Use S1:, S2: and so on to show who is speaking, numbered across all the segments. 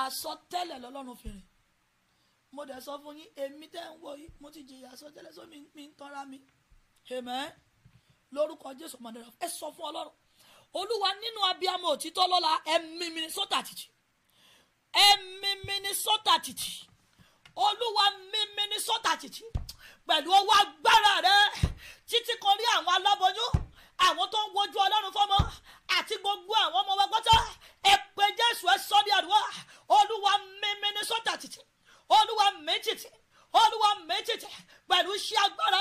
S1: àsọtẹ́lẹ̀ lọ́lọ́run fi rìn mo dẹ̀ sọ fún yín èmi tẹ́ ń wò yìí mo ti jìyà àsọtẹ́lẹ̀ sómi mi ń tanra mi àmín lórúkọ jésù mọ̀nẹ́rà ẹ sọ fún ọlọ́run olúwa nínú abiyamọ òtítọ́ lọ́la ẹ̀mí mi ní sọ́tà tìtì ẹ̀mí mi ní sọ́tà tìtì olúwa mi mi ní sọ́tà tìtì pẹ̀lú ọwọ́ agbára rẹ títí kan rí àwọn aláboyún àwọn tó ń wojú ọlọ́run fọ́mọ àti gbogbo àwọn ọmọ wa gbọ́tọ́ ẹ pé jésù ẹ sọ ní àdúrà olúwa mímí ní sọ́tà títì olúwa mí títì olúwa mí títì pẹ̀lú iṣẹ́ agbára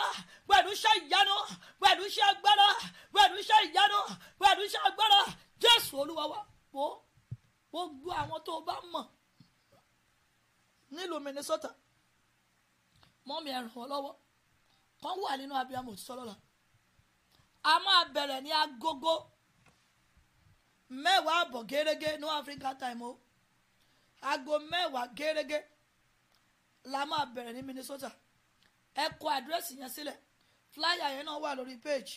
S1: pẹ̀lú iṣẹ́ ìyanu pẹ̀lú iṣẹ́ agbára pẹ̀lú iṣẹ́ ìyanu pẹ̀lú iṣẹ́ agbára jésù olúwa wa wo gbogbo àwọn tó bá mọ̀ nílùú minnesota mọ́mí ẹ̀ràn ọ lọ́wọ́ kan wà nínú abiyamọ òtítọ́ lọ́la a máa bẹ̀rẹ̀ ní agogo mẹ́wàá àbọ̀ gẹ́rẹ́gẹ́ no Africa time o aago mẹ́wàá gẹ́rẹ́gẹ́ la máa bẹ̀rẹ̀ ní Minnesota ẹ kọ àdírẹ́sì yẹn sílẹ̀ flyer yẹn náà wà lórí page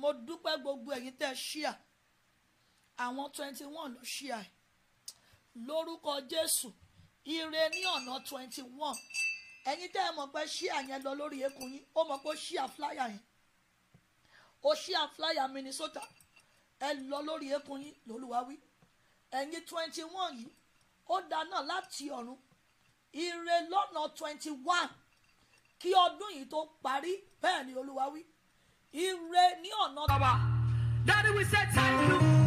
S1: mo dúpẹ́ gbogbo ẹ̀yin tẹ́ ẹ ṣíà àwọn twenty one ló ṣíà ẹ̀ lórúkọ Jésù ire ní ọ̀nà twenty one ẹ̀yin tẹ́ ẹ mọ̀ pé ṣíà yẹn lọ lórí ekun yín ó mọ̀ pé ó ṣíà flyer yẹn oṣìà flyer Minnesota ẹ lọ lórí eékún yín lólúwa wí ẹ̀yin twenty one yìí ó dáná láti ọ̀run ire lọ́nà twenty one kí ọdún yìí tó parí bẹ́ẹ̀ ni olúwa wí ire ní ọ̀nà. Daddy, we set time to.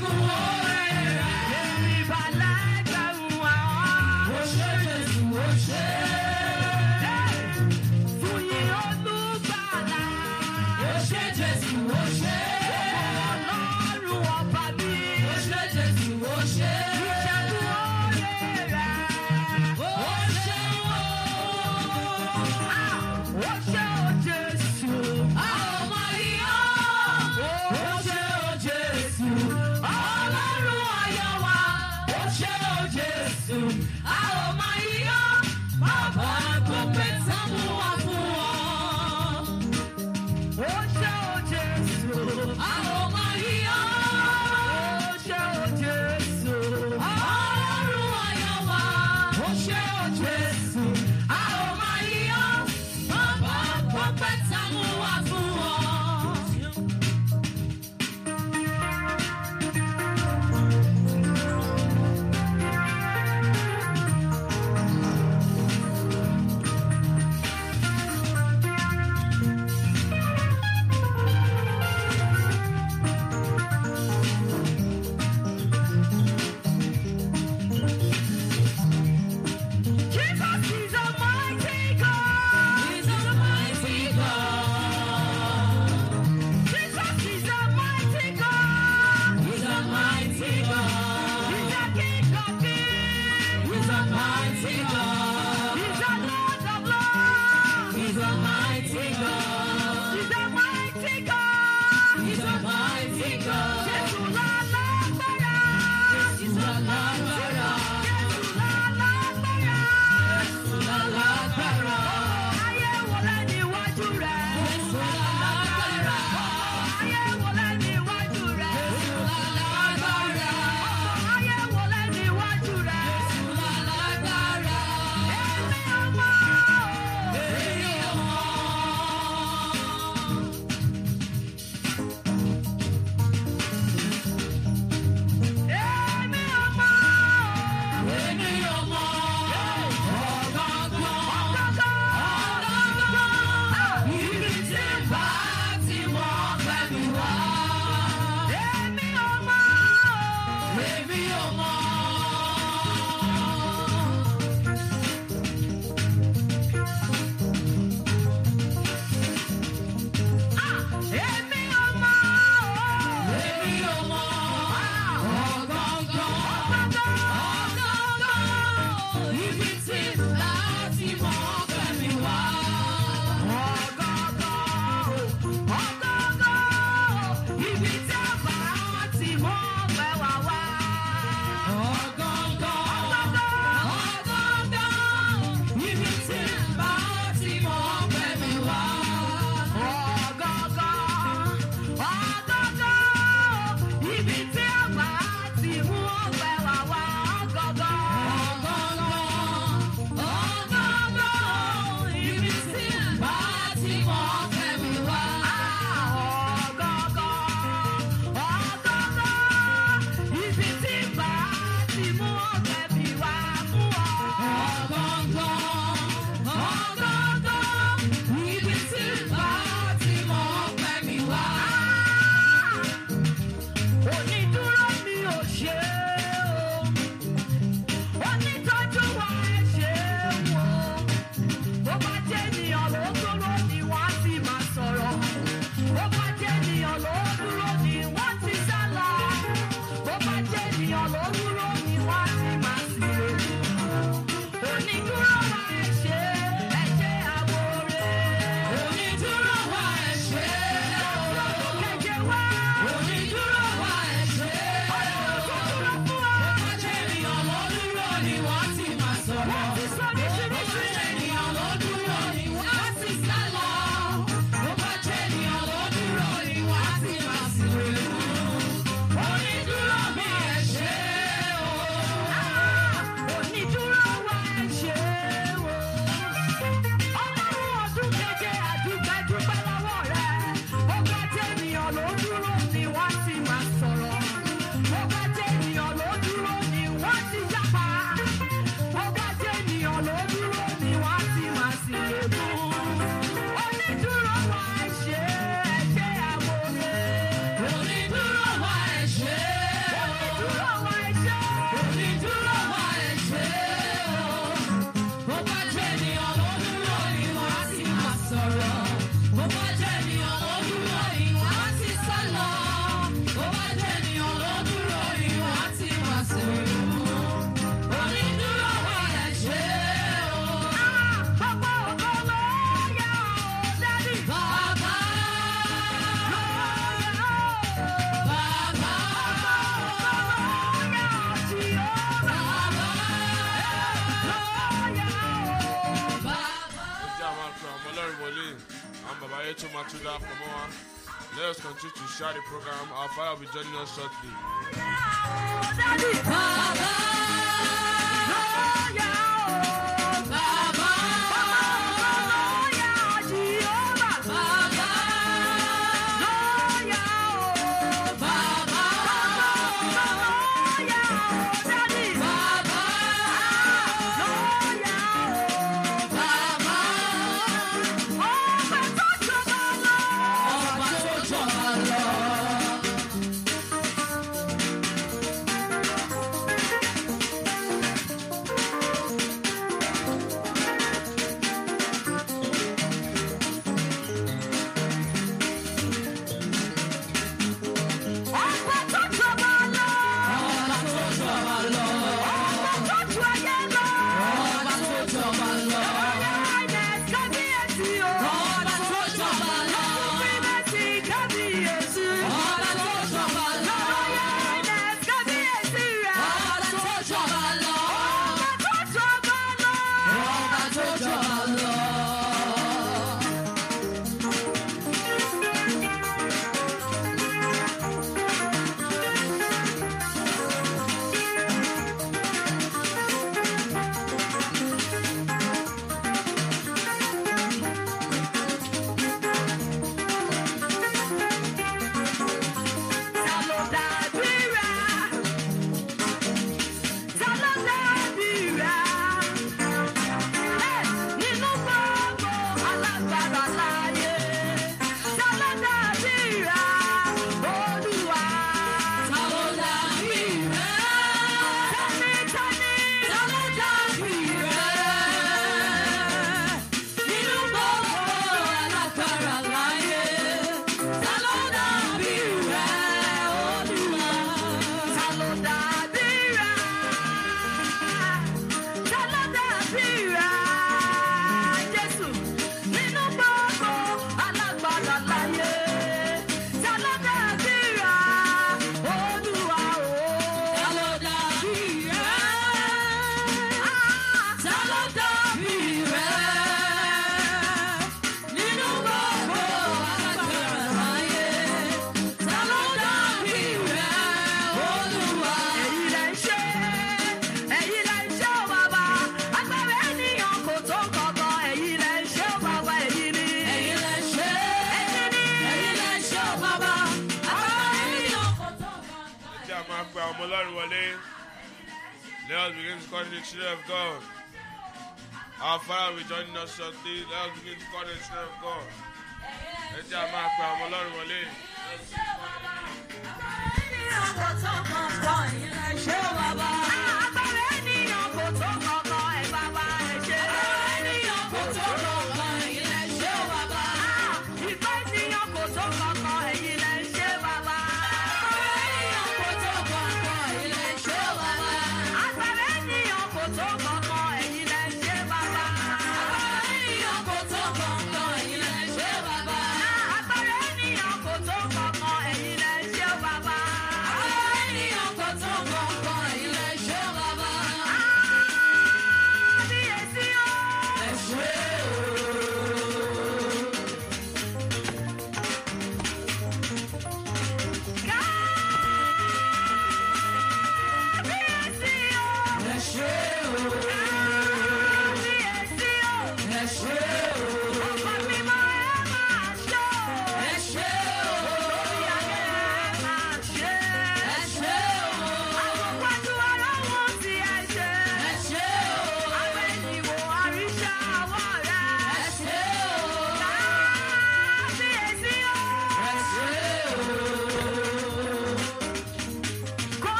S2: Let's
S3: Baba Yetu Matuda more. Let us continue to share the program. Our father will be joining us shortly. sọ pé that was the great God and serve God. ẹ jẹ́ a máa àwọn ọlọ́run wọlé.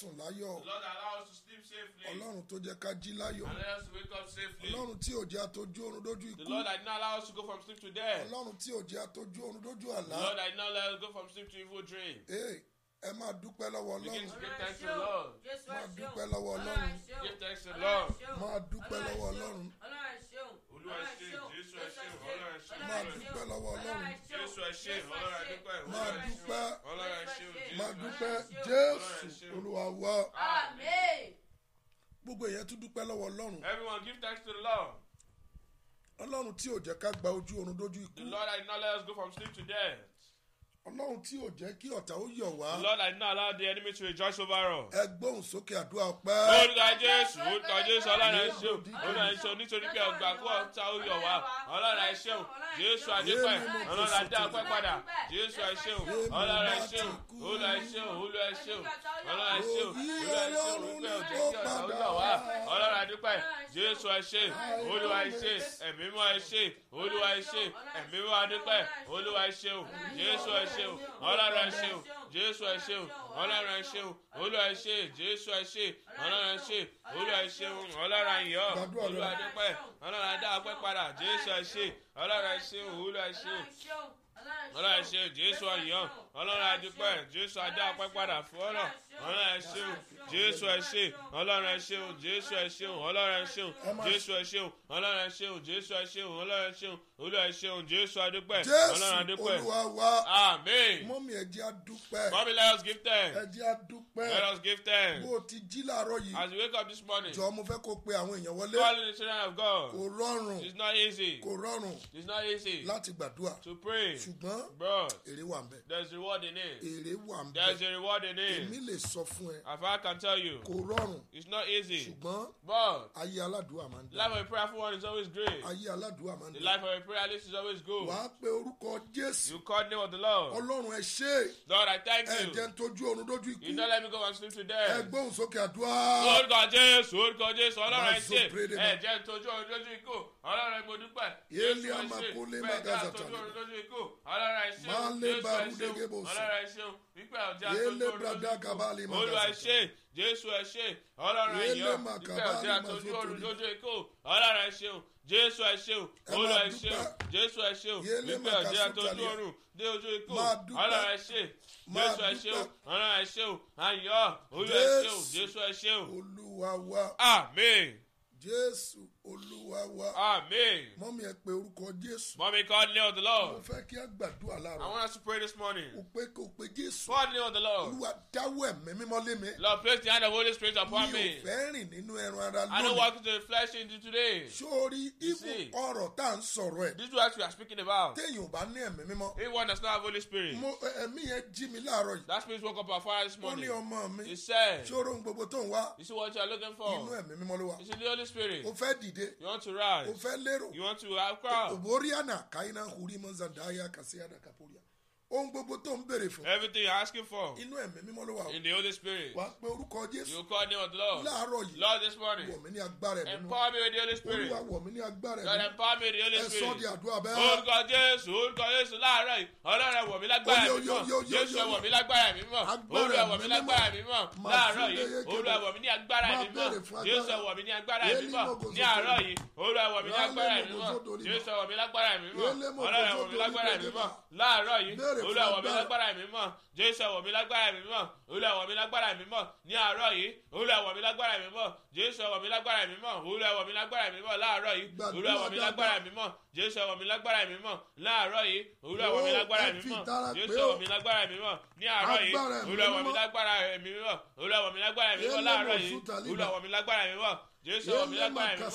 S3: sùn láyọ̀. Lord allow us to sleep safely. Ọlọ́run tó jẹ́ ká jí láyọ̀. wake up safely. Ọlọ́run tí ò àtọ́jú oorun dójú ikú. The Lord that us to go from sleep to death. Ọlọ́run tí ò àtọ́jú oorun dójú àlá. The Lord that us to go from sleep to evil dream. Hey ẹ máa dúpẹ́ lọ́wọ́ ọlọ́run máa dúpẹ́ lọ́wọ́ ọlọ́run máa dúpẹ́ lọ́wọ́ ọlọ́run olúwa ṣe jésù ẹ ṣe ọlọ́run ẹ ṣe máa dúpẹ́ lọ́wọ́ ọlọ́run jésù ẹ ṣe ọlọ́run ẹ dúpẹ́ máa dúpẹ́ ọlọ́run ẹ ṣe máa dúpẹ́ jésù olúwa wá. gbogbo èèyàn tún dúpẹ́ lọ́wọ́ ọlọ́run. everyone give thanks to the lord. ọlọ́run tí ò jẹ́ ká gba ojú oorun dójú ikú. the lord had not let us go from sleep to death ọlọ́run tí ò jẹ́ kí ọ̀tá ó yọ̀ wá. lord i did allow the enemy to rejoice over us. ẹ gbóhùn sókè àdúrà ọpẹ́. olùkọ́ jésù olùkọ́ jésù ọlọ́run ẹ ṣeun olùkọ́ jésù nítorí pé ọgbà kó ọ̀tá ó yọ̀ wá ọlọ́run ẹ ṣeun jésù àdépẹ́ ọlọ́run adé ọpẹ́ padà jésù ẹ ṣeun ọlọ́run ẹ ṣeun olùkọ́ ẹ ṣeun olùkọ́ ẹ ṣeun ọlọ́run ẹ ṣeun olùkọ́ ẹ ṣeun olùkọ́ ẹ jẹ́ kí ọ̀tá ó yọ̀ wá ọlọ́run adépẹ́ jésù ẹ ṣe olùwà ẹ ṣe ẹ̀mí mọ́ ẹ ṣe olùwà ẹ ṣe ẹ̀mí mọ́ adépẹ́ olùwà ẹ ṣeun jésù ẹ ṣ ṣe o ọlọ́run ẹ ṣe o jésù ẹ ṣe o ọlọ́run ẹ ṣe o olú ẹ ṣe jésù ẹ ṣe ọlọ́run ẹ ṣe olú ẹ ṣe o ọlọ́run ayọ̀ olú adúpẹ́ ọlọ́run adá ọpẹ́ padà jésù ẹ ṣe ọlọ́run ẹ ṣe o olú ẹ ṣe
S4: o ọlọ́run ẹ ṣe jésù ọyàn ọlọ́run adúpẹ́ jésù adá ọpẹ́ padà fún ọ̀rọ̀ ọlọ́run ẹ ṣe o jésù
S3: ẹ ṣe ọlọ́run ẹ ṣe o jésù ẹ ṣe o ọlọ́run ẹ ṣe o jésù ẹ ṣe o ọlọ́run ẹ ṣe o jésù ẹ ṣe o ọlọ́run ẹ ṣe o olú ẹ̀ṣẹ̀hùn jésù adúpẹ́ ọlọ́run adúpẹ́ amen. mọ́mí ẹ̀jẹ̀ adúpẹ́. mọ́mí let us give thanks. ẹ̀jẹ̀ adúpẹ́. let us give thanks. bó o ti jí láàárọ̀ yìí. as we wake up this morning. jọ mo fẹ́ kó pe àwọn èèyàn wọlé. calling the children of God. kò rọrùn. it's not easy. kò rọrùn. it's not easy. láti gbàdúrà. to pray. ṣùgbọ́n. bros èrè wà ń bẹ̀. there reward in it. èrè wà ń bẹ̀. there a reward in it. èmi lè sọ fún ẹ. if I can tell you. kò rọrùn. it's not easy. ṣùgbọ́n. ayé aládùúwà máa ń dá. life of a prayerful one is always great. ayé aládùúwà máa ń dá. the life of a prayer list is always good. wàá pe orúkọ jésù. you call the name of the lord. ọlọ́run ẹ ṣe. lord i thank you. ẹ n tójú oorun dójú ikú. you don't let me go and sleep today. ẹ gbóhùn sókè àdúrà. orúkọ jésù orúkọ jésù ọlọ́run ẹ ṣe. ẹ n tójú oorun dójú ikú. ọlọ́run ẹ mo dúpẹ́. yéèlì àmàkúlé magaza tàbí. ọlọ́run ẹ ṣe. máa yéèlì jésù ẹ ṣe ọlọ́run ẹ̀yọ́ ìgbà ọ̀sẹ̀ àtọ́jú ọ̀run lójú ikú ọlọ́run ẹ ṣeun jésù ẹ ṣe o olú ẹ ṣe o jésù ẹ ṣe o wípé ọjọ́ àtọ́jú ọ̀run dé ojú ikú ọlọ́ ẹ ṣe jésù ẹ ṣe o ọlọ́ ẹ ṣe o ayọ̀ olú ẹ ṣe o jésù ẹ ṣe o olúwa wa amen jésù olúwa amen. mọ mi ẹ pe orúkọ jésù. mọ mi call name of the lord. mo fẹ́ kí a gbàdúrà láàárọ̀. i want us to pray this morning. o pe ko pe jésù. call name of the lord. olúwa ẹ̀mí mímọ́ lé mi. lord place the hand of holy spirit upon me. mi ò fẹ́ rìn nínú ẹran ara lónìí. i don't walk into the flesh into today. sórí ibu ọ̀rọ̀ tá à ń sọ̀rọ̀ this is what we are speaking about. téèyàn ò bá ní ẹ̀mí mímọ́. he won us now holy spirit. mo ẹ̀mí yẹn jí mi láàárọ̀ yìí. that spirit woke up our fire this morning. ó ní ọmọ mi. he said. sóró you see what you are looking for. inú ẹ̀mí the holy spirit. dìde. you want to rise. you want to have power. òbórí hùrí ohun gbogbo tó ń béèrè fún. everything you asking for. inú ẹ̀mí mímọ́ ló wà o. in the holy spirit. wà á pe orúkọ jésù. you call name of the lord. láàárọ̀ yìí. lord this morning. wọ̀ mí ní agbára ẹ̀mí nù. empower me with the holy spirit. olúwa wọ̀ mí ní agbára ẹ̀mí nù. lord empower me with the holy spirit. ẹ sọ di àdúrà bẹ́ẹ̀. orúkọ jésù orúkọ jésù láàárọ̀ yìí ọlọ́run wọ̀ mí lágbára ẹ̀mí mọ́. jésù wọ̀ mí lágbára ẹ̀mí mọ́. agbára ẹ̀mí béèrè fún agbára. olúwa wọ̀ mí lágbára ẹ̀mí mọ̀ jésù wọ̀ mí lágbára ẹ̀mí mọ̀ olúwa wọ̀ mí lágbára ẹ̀mí mọ̀ ní àárọ̀ yìí olúwa wọ̀ mí lágbára ẹ̀mí mọ̀ jésù wọ̀ mí lágbára ẹ̀mí mọ̀ olúwa wọ̀ mí lágbára ẹ̀mí mọ̀ láàárọ̀ yìí olúwa wọ̀ mí lágbára ẹ̀mí mọ̀ jésù wọ̀ mí lágbára ẹ̀mí mọ̀ láàárọ̀ yìí olúwa wọ̀ lágbára ẹ̀mí jésù wọ̀ mí lágbára ẹ̀mí ní àárọ̀ yìí olúwa wọ̀ lágbára ẹ̀mí mọ̀ olúwa lágbára ẹ̀mí mọ̀ yìí olúwa wọ̀ lágbára ẹ̀mí jésù ọwọ́ mi lágbára ẹ̀mí mọ́ ní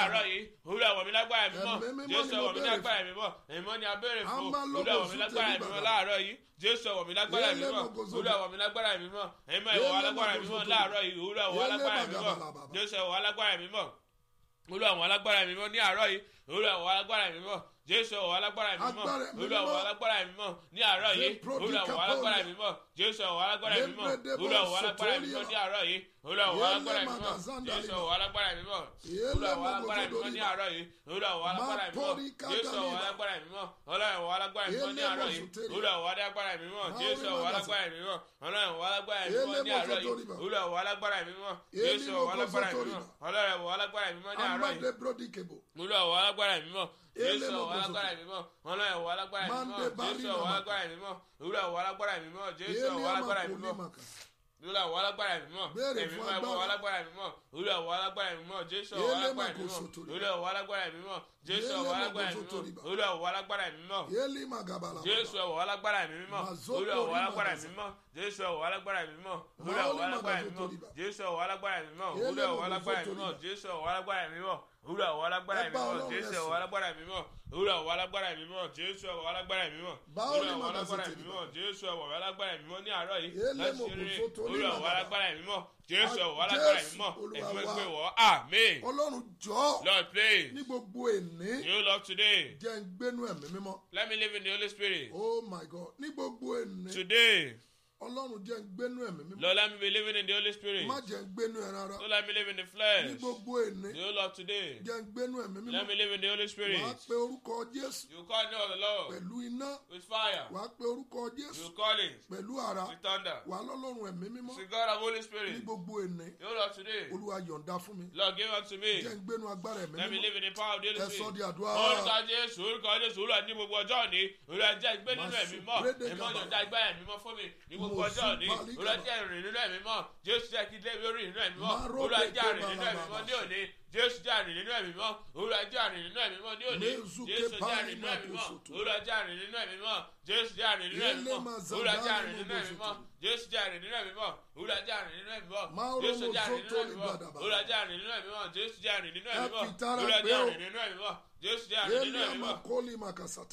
S3: àárọ̀ yìí òwúrọ̀ ọwọ́ mi lágbára ẹ̀mí mọ́ jésù ọwọ́ mi lágbára ẹ̀mí mọ́ ẹ̀mọ́ ni abẹ́rẹ́ fún òwúrọ̀ ọwọ́ mi lágbára ẹ̀mí mọ́ láàárọ̀ yìí jésù ọwọ́ mi lágbára ẹ̀mí mọ́ òwúrọ̀ ọwọ́ mi lágbára ẹ̀mí mọ́ ẹ̀mọ́ ìwọ̀ alágbára ẹ̀mí mọ́ láàárọ̀ yìí òwúrọ̀ ọwọ́ alágbára ẹ̀mí mọ́ jésù ọwọ́ alágbára ẹ̀mí mọ́ olú àwọn alágbára mímọ́ ní àárọ̀ yìí olú àwọn alágbára mímọ́ jésù ọ̀wọ́ alágbára mi mọ̀ olúwa ọ̀wọ́ alágbára mi mọ̀ ní àárọ̀ yìí olúwa ọ̀wọ́ alágbára mi mọ̀ jésù ọ̀wọ́ alágbára mi mọ̀ olúwa ọ̀wọ́ alágbára mi mọ̀ ní àárọ̀ yìí olúwa ọ̀wọ́ alágbára mi mọ̀ jésù ọ̀wọ́ alágbára mi mọ̀ olúwa ọ̀wọ́ alágbára mi mọ̀ ní àárọ̀ yìí olúwa ọ̀wọ́ alágbára mi mọ̀ jésù ọ̀wọ́ alágbára mi mọ̀ olúwa ọ̀wọ́ alágbára mi mọ̀ ní àárọ̀ yìí olúwa ọ̀wọ́ alágbára mi mọ̀ jésù ọ̀wọ́ alágbára mi mọ̀ olúwa ọ̀wọ́ alágbára mi mọ̀ ní àárọ̀ yìí olúwa ọ̀wọ́ alágbára mi mọ̀ jésù ọ̀wọ́ alágbára mi mọ̀ olúwa ọ̀wọ́ alágbára mi mọ̀ ní àárọ̀ yìí jésù ọwọ alágbára ìmímọ́ ọlọ ẹwọ alágbára ìmímọ́ jésù ọwọ alágbára ìmímọ́ òwúrọ̀ ọwọ alágbára ìmímọ́ jésù ọwọ alágbára ìmímọ́ lórí àwọn alágbára mímọ́ ẹ̀mí mọ́ ẹ̀wọ̀ alágbára mímọ́ lórí àwọn alágbára mímọ́ jésù ọ̀wọ̀ alágbára mímọ́ lórí àwọn alágbára mímọ́ jésù ọ̀wọ̀ alágbára mímọ́ lórí àwọn alágbára mímọ́ jésù ọ̀wọ̀ alágbára mímọ́ lórí àwọn alágbára mímọ́ jésù ọ̀wọ̀ alágbára mímọ́ lórí àwọn alágbára mímọ́ jésù ọ̀wọ̀ alágbára mímọ́ lórí àwọn alágbára mímọ́ jésù ọ̀wọ̀ alágbára mímọ́ òwúrọ̀ àwọn alágbára mi mọ̀ jésù àwọn alágbára mi mọ̀ òwúrọ̀ àwọn alágbára mi mọ̀ jésù àwọn alágbára mi mọ̀ òwúrọ̀ àwọn alágbára mi mọ̀ jésù àwọn alágbára mi mọ̀ ní àárọ̀ yìí láti ṣeré òwúrọ̀ àwọn alágbára mi mọ̀ jésù àwọn alágbára mi mọ̀ èmi gbé wọ́ àmín. ọlọ́run jọ lord play ní gbogbo èmi you love today jẹ́ ń gbénu ẹ̀mí mímọ́ let me live in the holy spirit oh my god ní gbogbo èmi today ọlọ́run jẹ́ ń ẹ̀mí mímọ́. lord let me be living in the holy spirit. má jẹ́ ń gbénú rárá. so let me live in the flesh. ní gbogbo èní. the whole of today. jẹ́ ń ẹ̀mí mímọ́. let me live in the holy spirit. wàá pe orúkọ jésù. you call me name the lord. pẹ̀lú iná. with fire. wàá pe orúkọ jésù. you call it. pẹ̀lú ara. with thunder. wàá lọ́lọ́run ẹ̀mí mímọ́. to God of holy spirit. ní gbogbo èní. the whole of today. olúwa yọ̀ǹda fún mi. lord give unto me. jẹ́ ń agbára ẹ̀mí mímọ́. let me live in the power of the holy spirit. ẹ̀sọ́ kọjá òní olùwàjà rìn nínú ẹ̀mí mọ́ jésù jẹ́ kí lẹ́mí ó rìn nínú ẹ̀mí mọ́ olùwàjà rìn nínú ẹ̀mí mọ́ ní òní jésù jàre nínú ẹ̀mí mọ́ olùwàjà rìn nínú ẹ̀mí mọ́ ní òní jésù jàre nínú ẹ̀mí mọ́ olùwàjà rìn nínú ẹ̀mí mọ́ jésù jàre nínú ẹ̀mí mọ́ olùwàjà rìn nínú ẹ̀mí mọ́ jésù jàre nínú ẹ̀mí mọ́ olùwàjà rìn nínú ẹ̀mí mọ́ jésù jàre nínú ẹ̀mí mọ́ olùwàjà rìn nínú ẹ̀mí mọ́ jésù jàre nínú ẹ̀mí mọ́ olùwàjà rìn nínú ẹ̀mí mọ́ jésù jàre nínú ẹ̀mí mọ́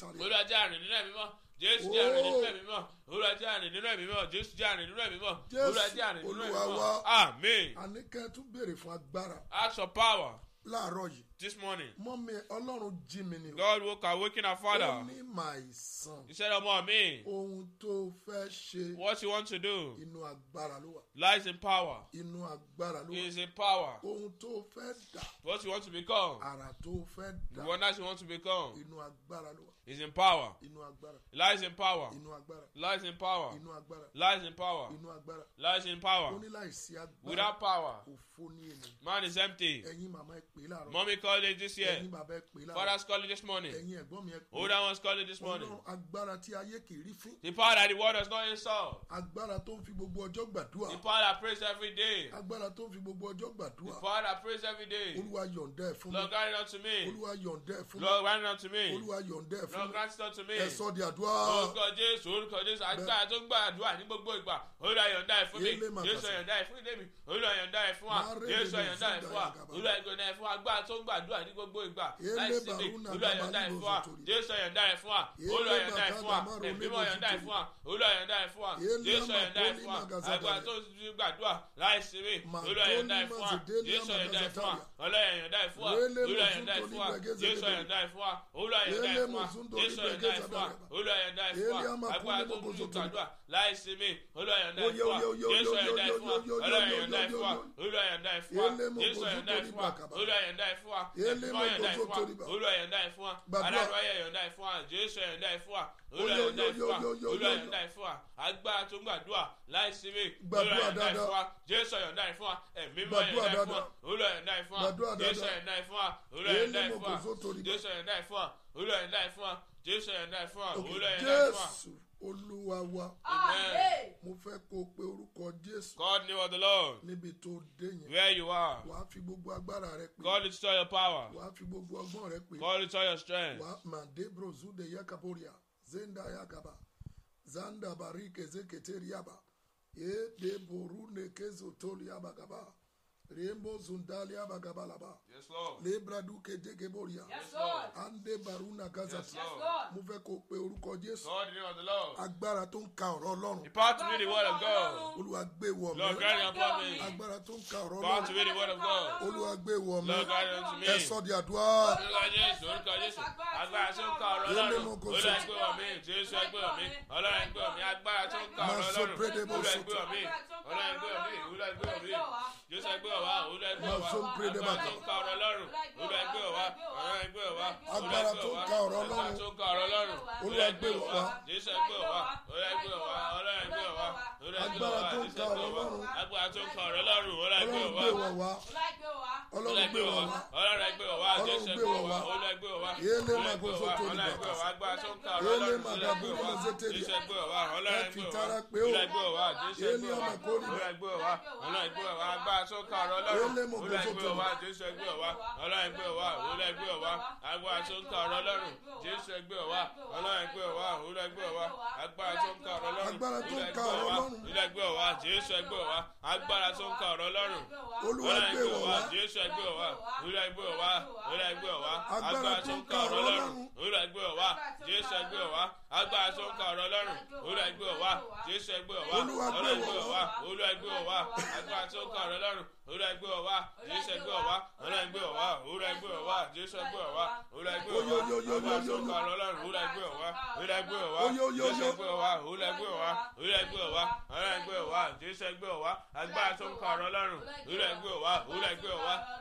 S3: olùwàjà rìn nínú ẹ̀mí mọ́ jésù jẹ́ àrìn nínú ẹ̀mí mọ́ olúwa jẹ́ àrìn nínú ẹ̀mí mọ́ jésù jẹ́ àrìn nínú ẹ̀mí mọ́ olúwa jẹ́ àrìn nínú ẹ̀mí mọ́ amen. àníkẹ́ tún béèrè fún agbára. ask for power. láàárọ̀ yìí. this morning. mọ mi ọlọ́run jí mi ni. God woke up, waking our father. ó ní my son. he said ọmọ mi. ohun tó fẹ́ ṣe. what you want to do. inú agbára ló wà. lies in power. inú agbára ló wà. is in power. ohun tó fẹ́ dà. what you want to become. àrà tó fẹ́ dà. the wonders you want to become. inú agbára ló wà is in power. Inú agbára. Lies in power. Inú agbára. Lies in power. Inú agbára. Lies in power. Inú agbára. Lies in power. Ó ní láìsí agbára. Without power. Òfo ni ènìyàn. Man is empty. Ẹyin màmá ẹ pè é Mommy called it this year. Ẹyin bàbá ẹ pè Father's calling this morning. Ẹyin ẹ̀gbọ́n mi ẹ pè Older one's calling this morning. Ọlọ́run agbára tí ayé kì fún. The power that the world has not installed. Agbára tó ń fi gbogbo ọjọ́ gbàdúrà. The power that prays every day. Agbára tó ń fi gbogbo ọjọ́ gbàdúrà. The power that prays every day. Olúwa yọ̀ǹda fún mi. Lord, grant unto me. Olúwa yọ̀ǹda fún mi. Lord, grant unto me. Olúwa yọ̀ǹda fún mi fún ẹ̀sọ́ di àdúrà. orúkọ jésù orúkọ jésù agbára tó ń gba àdúrà ní gbogbo ìgbà olúwa yọ̀ǹda ẹ̀ fún mi jésù yọ̀ǹda ẹ̀ fún ilé mi olúwa yọ̀ǹda ẹ̀ fún wa jésù yọ̀ǹda ẹ̀ fún wa olúwa yọ̀ǹda ẹ̀ fún wa agbára tó ń gba àdúrà ní gbogbo ìgbà láìsí mi olúwa yọ̀ǹda ẹ̀ fún wa jésù yọ̀ǹda ẹ̀ fún wa olúwa yọ̀ǹda ẹ̀ fún wa ẹ̀mímọ̀ yọ̀ǹda ẹ̀ fún wa olúwa yọ̀ǹda ẹ̀ fún wa jésù yọ̀ǹda ẹ̀ fún wa agbára tó ń gbàdúrà láìsí mi olúwa yọ̀ǹda ẹ̀ fún wa jésù yọ̀ǹda ẹ̀ fún wa olúwa yọ̀ǹda ẹ̀ fún wa olúwa yọ̀ǹda ẹ̀ fún wa jésù yọ̀ǹda ẹ̀ fún wa olúwa yọ̀ǹda ẹ̀ fún wa jésù ọ̀yọ̀dá ìfúnwa olúwa ọ̀yọ̀dá ìfúnwa agbára tó kú ìtàdúrà láì sinmi olúwa ọ̀yọ̀dá ìfúnwa jésù ọ̀yọ̀dá ìfúnwa olúwa ọ̀yọ̀dá ìfúnwa olúwa ọ̀yọ̀dá ìfúnwa jésù ọ̀yọ̀dá ìfúnwa olúwa ọ̀yọ̀dá ìfúnwa ẹ̀fọ́ ọ̀yọ̀dá ìfúnwa olúwa ọ̀yọ̀dá ìfúnwa alárọ̀ọ́yẹ̀ ọ̀yọ̀dá ìfúnwa jésù ọ̀yọ̀dá ìfúnwa olúwa ọ̀yọ̀dá ìfúnwa olúwa ọ̀yọ̀dá ìfúnwa agbára tó gbàdúrà láì sinmi olúwa ọ̀yọ̀dá jésù ọ̀yọ̀dá ìfúnwa ẹ̀mí mọ́ ọ̀yọ̀dá ìfúnwa olúwa ọ̀yọ̀dá jésù ọ̀yọ̀dá ìfúnwa olúwa ọ̀yọ̀dá jésù ọ̀yọ̀dá ìfúnwa olúwa ẹ̀dá ẹ̀ fún wa jésù ẹ̀dá ẹ̀ fún wa olúwa ẹ̀dá ẹ̀ fún wa. jésù olúwa mo fẹ́ kó o pe orúkọ jésù. God name of the Lord. níbi tó dé yẹn. where you are. wàá fi gbogbo agbára rẹ pè. God restore your power. wàá fi gbogbo ọgbọ́n rẹ pè. God restore your strength. wàá màdébro zude yakaboria zenda yakaba zanda barike zekete riaba Rembo zundalia bagabalaba. Yes, Lord. degeboria. Ande baruna gazati. Yes, Lord. Mo fẹ́ kó pe orúkọ Jésù. God of the tó ń ka ọ̀rọ̀ Ọlọ́run. The power to read word of God. Olúwa gbé wọ̀ mí. tó ń ka ọ̀rọ̀ Ọlọ́run. Power to read the word of God. Olúwa gbé wọ̀ mí. Lord guide unto me. Ẹ di àdúrà. Olúwa Jésù orúkọ Jésù. Agbára tó ń ka ọ̀rọ̀ Ọlọ́run. Olúwa gbé wọ̀ mí. Jésù gbé wọ̀ mí jésù ẹgbẹ́ ọ̀wá olúwa ẹgbẹ́ ọ̀wá agbára tó ń ka ọ̀rọ̀ lọ́rùn olúwa ẹgbẹ́ ọ̀wá ọ̀rọ̀ ẹgbẹ́ ọ̀wá agbára tó ń ka ọ̀rọ̀ lọ́rùn olúwa ẹgbẹ́ ọ̀wá jésù ẹgbẹ́ ọ̀wá olúwa ẹgbẹ́ ọ̀wá ọ̀rọ̀ ẹgbẹ́ ọ̀wá agbára tó ń ka ọ̀rọ̀ lọ́rùn olúwa ẹgbẹ́ ọ̀wá ọlọ́run gbé wọn wá ọlọ́run gbé wọn wá ọlọ́run gbé wọn wá ọlọ́run gbé wọn wá yéélé máa gbé sókè ní bàtà yéélé máa gbà bí wọn ṣe tẹ̀lé
S1: ẹ fi tara pé o yéélé ọmọ kó
S3: rí bẹ́ẹ̀ yéélé mo gbé sókè ní bàtà jésù ẹgbẹ́ wa ọlọ́run ẹgbẹ́ wa òwúrọ̀ ẹgbẹ́ wa agbá aṣọ ń ka ọ̀rọ̀ ọlọ́run jésù ẹgbẹ́ wa ọlọ́run ẹgbẹ́ wa òwúrọ̀ ẹgbẹ́ wa agbá aṣọ ń ka ọ̀rọ̀ ọlọ́run agbára tó ń ka ọ̀rọ̀ ọlọ́run ìlẹ̀gbẹ́ wa jésù ẹgbẹ́ wa agbára tó ń ka ọ̀rọ̀ ọlọ́run olúwa gbé wọn wá jésù jésù agbèrò wa olúwa agbèrò wa olúwa agbèrò wa agbára tó ń ká ọ̀rọ̀ lọ́rùn jésù agbèrò wa agbá aṣọ ń ka ọ̀rọ̀ ọlọ́run olúwa gbé ọ jésù gbé ọ ọlọ́run gbé ọ wá olúwa gbé agbá aṣọ ń ka ọ̀rọ̀ ọlọ́run olúwa gbé ọ jésù gbé ọ ọlọ́run gbé ọ wá olúwa gbé jésù gbé ọ wá olúwa gbé agbá aṣọ ń ka ọ̀rọ̀ ọlọ́run olúwa gbé ọ wá olúwa gbé jésù gbé ọ wá olúwa gbé ọ wá olúwa ọlọ́run gbé ọ jésù gbé ọ agbá aṣọ ń ka ọ̀rọ̀ ọlọ́run olúwa gbé ọ wá olúwa gbé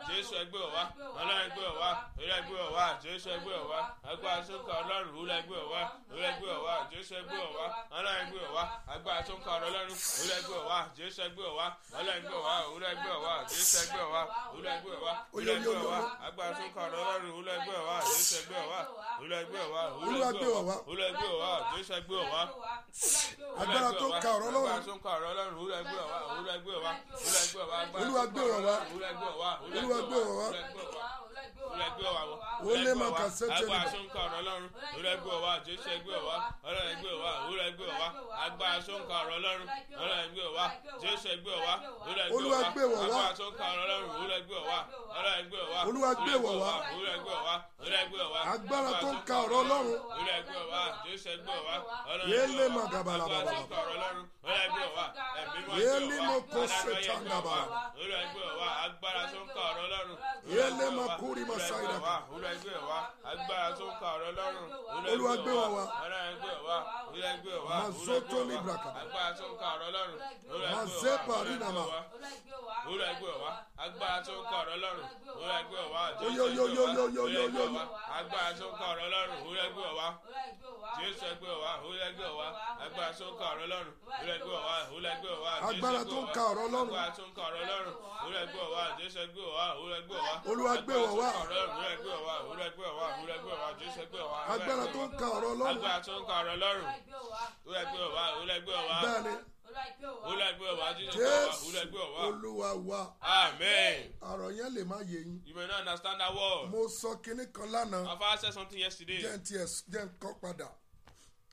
S3: jésù gbé ọ ọlọ́run gbé ọ wá olúwa gbé jésù gbé ọ agbá aṣọ ń ka ọlọ́run olúwa gbé ọ wá olúwa gbé ọ̀wá jésù ẹgbẹ́ ọ̀wá ọlọ́run gbé ọ̀wá agbára tó ń kọ́ ọ̀rọ̀ ọlọ́run òwúrọ̀ ẹgbẹ́ ọ̀wá jésù ẹgbẹ́ ọ̀wá ọlọ́run gbé ọ̀wá òwúrọ̀ ẹgbẹ́ ọ̀wá jésù ẹgbẹ́ ọ̀wá òwúrọ̀ ẹgbẹ́ ọ̀wá òwúrọ̀ ẹgbẹ́ ọ̀wá agbára tó ń kọ́ ọ̀rọ̀ ọlọ́run òwúrọ̀ ẹgbẹ́ ọ̀wá jésù ẹgbẹ́ ọ̀wá òwúrọ̀ ẹgbẹ́ ọ̀wá òwúrọ̀ ẹgbẹ́ ọ̀wá òwúrọ̀ ẹgbẹ́ ọ̀wá jésù ẹgbẹ́ ọ̀wá agbára tó ń ka ọ̀rọ̀ lọ́wọ́ agbára tó ń ka ọ̀rọ̀ lọ́rùn olúwa gbé ọ̀wá olúwa gbé ọ̀wá olúwa gbé ọ̀wá olúwa gbé ọ̀wá olúwa gbé ọ̀wá olúwa gbé ọ̀wá ẹgbẹ́ wa wọ. wọlé ma ka sẹ́tẹ̀ ní. agba aṣọ ń ka ọ̀rọ̀ ọlọ́run òwúrọ̀ ẹgbẹ́ wa jésù ẹgbẹ́ wa ọ̀rọ̀ ẹgbẹ́ wa òwúrọ̀ ẹgbẹ́ wa agba aṣọ ń ka ọ̀rọ̀ ọlọ́run ọ̀rọ̀ ẹgbẹ́ wa jésù ẹgbẹ́ wa òwúrọ̀ ẹgbẹ́ wa agba aṣọ ń ka ọ̀rọ̀ ọlọ́run òwúrọ̀ ẹgbẹ́ wa ọ̀rọ̀ ẹgbẹ́ wa olúwa gbé wọ̀ wá òwúrọ̀ ẹgbẹ́ wa òwúrọ̀ ẹgbẹ́ wa agbára tó ń ka ọ̀rọ̀ ọlọ́run òwúrọ̀ ẹgbẹ́ wa jésù ẹgbẹ́ wa ọ̀rọ̀ ẹgbẹ́ wa agba yé wa lára yẹ kí wọ́n ṣáìdà kan. olúwa gbé wa agbára tó ka ọ̀rọ̀ lọ́rùn. olúwa gbé wa wa. olúwa gbé wa olúwa gbé wa. mazoto libraka. agbára tó ka ọ̀rọ̀ lọ́rùn. mazepa rinama. olúwa gbé wa agbára tó ka ọ̀rọ̀ lọ́rùn. olúwa gbé wa jésù gbé wa agbára tó ka ọ̀rọ̀ lọ́rùn. olúwa gbé wa
S2: jésù gbé wa olúwa gbé wa agbára tó ka ọ̀rọ̀ lọ́rùn. olúwa gbé wa olúwa gbé wa
S3: agbára tó ka ọ̀rọ̀ lọ́rùn. agbára tó ka ọ̀rọ̀ lọ́rùn. olúwa gbé wa jésù gbé wa olúwa gbé wa. olúwa gbé wa wa agbára tó ń ka ọ̀rọ̀ lọ́rùn. agbára tó ń ka ọ̀rọ̀ lọ́rùn. bẹ́ẹ̀ni jésù olúwa wa. amen. ọ̀rọ̀ yẹn lè má yé yín. you may not understand that word. mo sọ kinní kan lánàá. afa said something yesterday. jẹ́ n tiẹ̀ jẹ́ n kọ́ padà.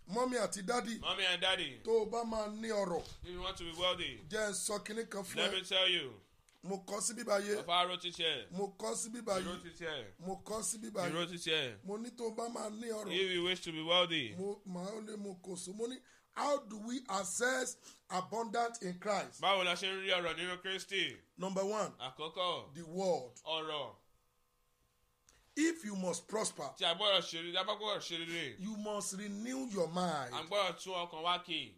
S3: mọ́mí àti dádì. mọ́mí àti dádì. tó o bá máa ní ọrọ̀. if you want to be wealthy. jẹ́ sọ kinní kan fún ẹ. let me tell you mo kọ́ sí bíbáyé. afáró ti tiẹ̀. mo kọ́ sí bíbáyé. ìró ti tiẹ̀. mo kọ́ sí bíbáyé. ìró ti tiẹ̀. mo ní tó bá máa ní ọrọ̀. if you wish to be wealthy. mo máa lè mo kò so mo ní how do we access abundant in christ. báwo la ṣe ń rí ọ̀rọ̀ nínú kristi. number one. àkọ́kọ́. the word. ọ̀rọ̀. if you must prosper. tí a ṣe rere a ṣe rere. you must renew your mind. a tún ọkàn wá kì í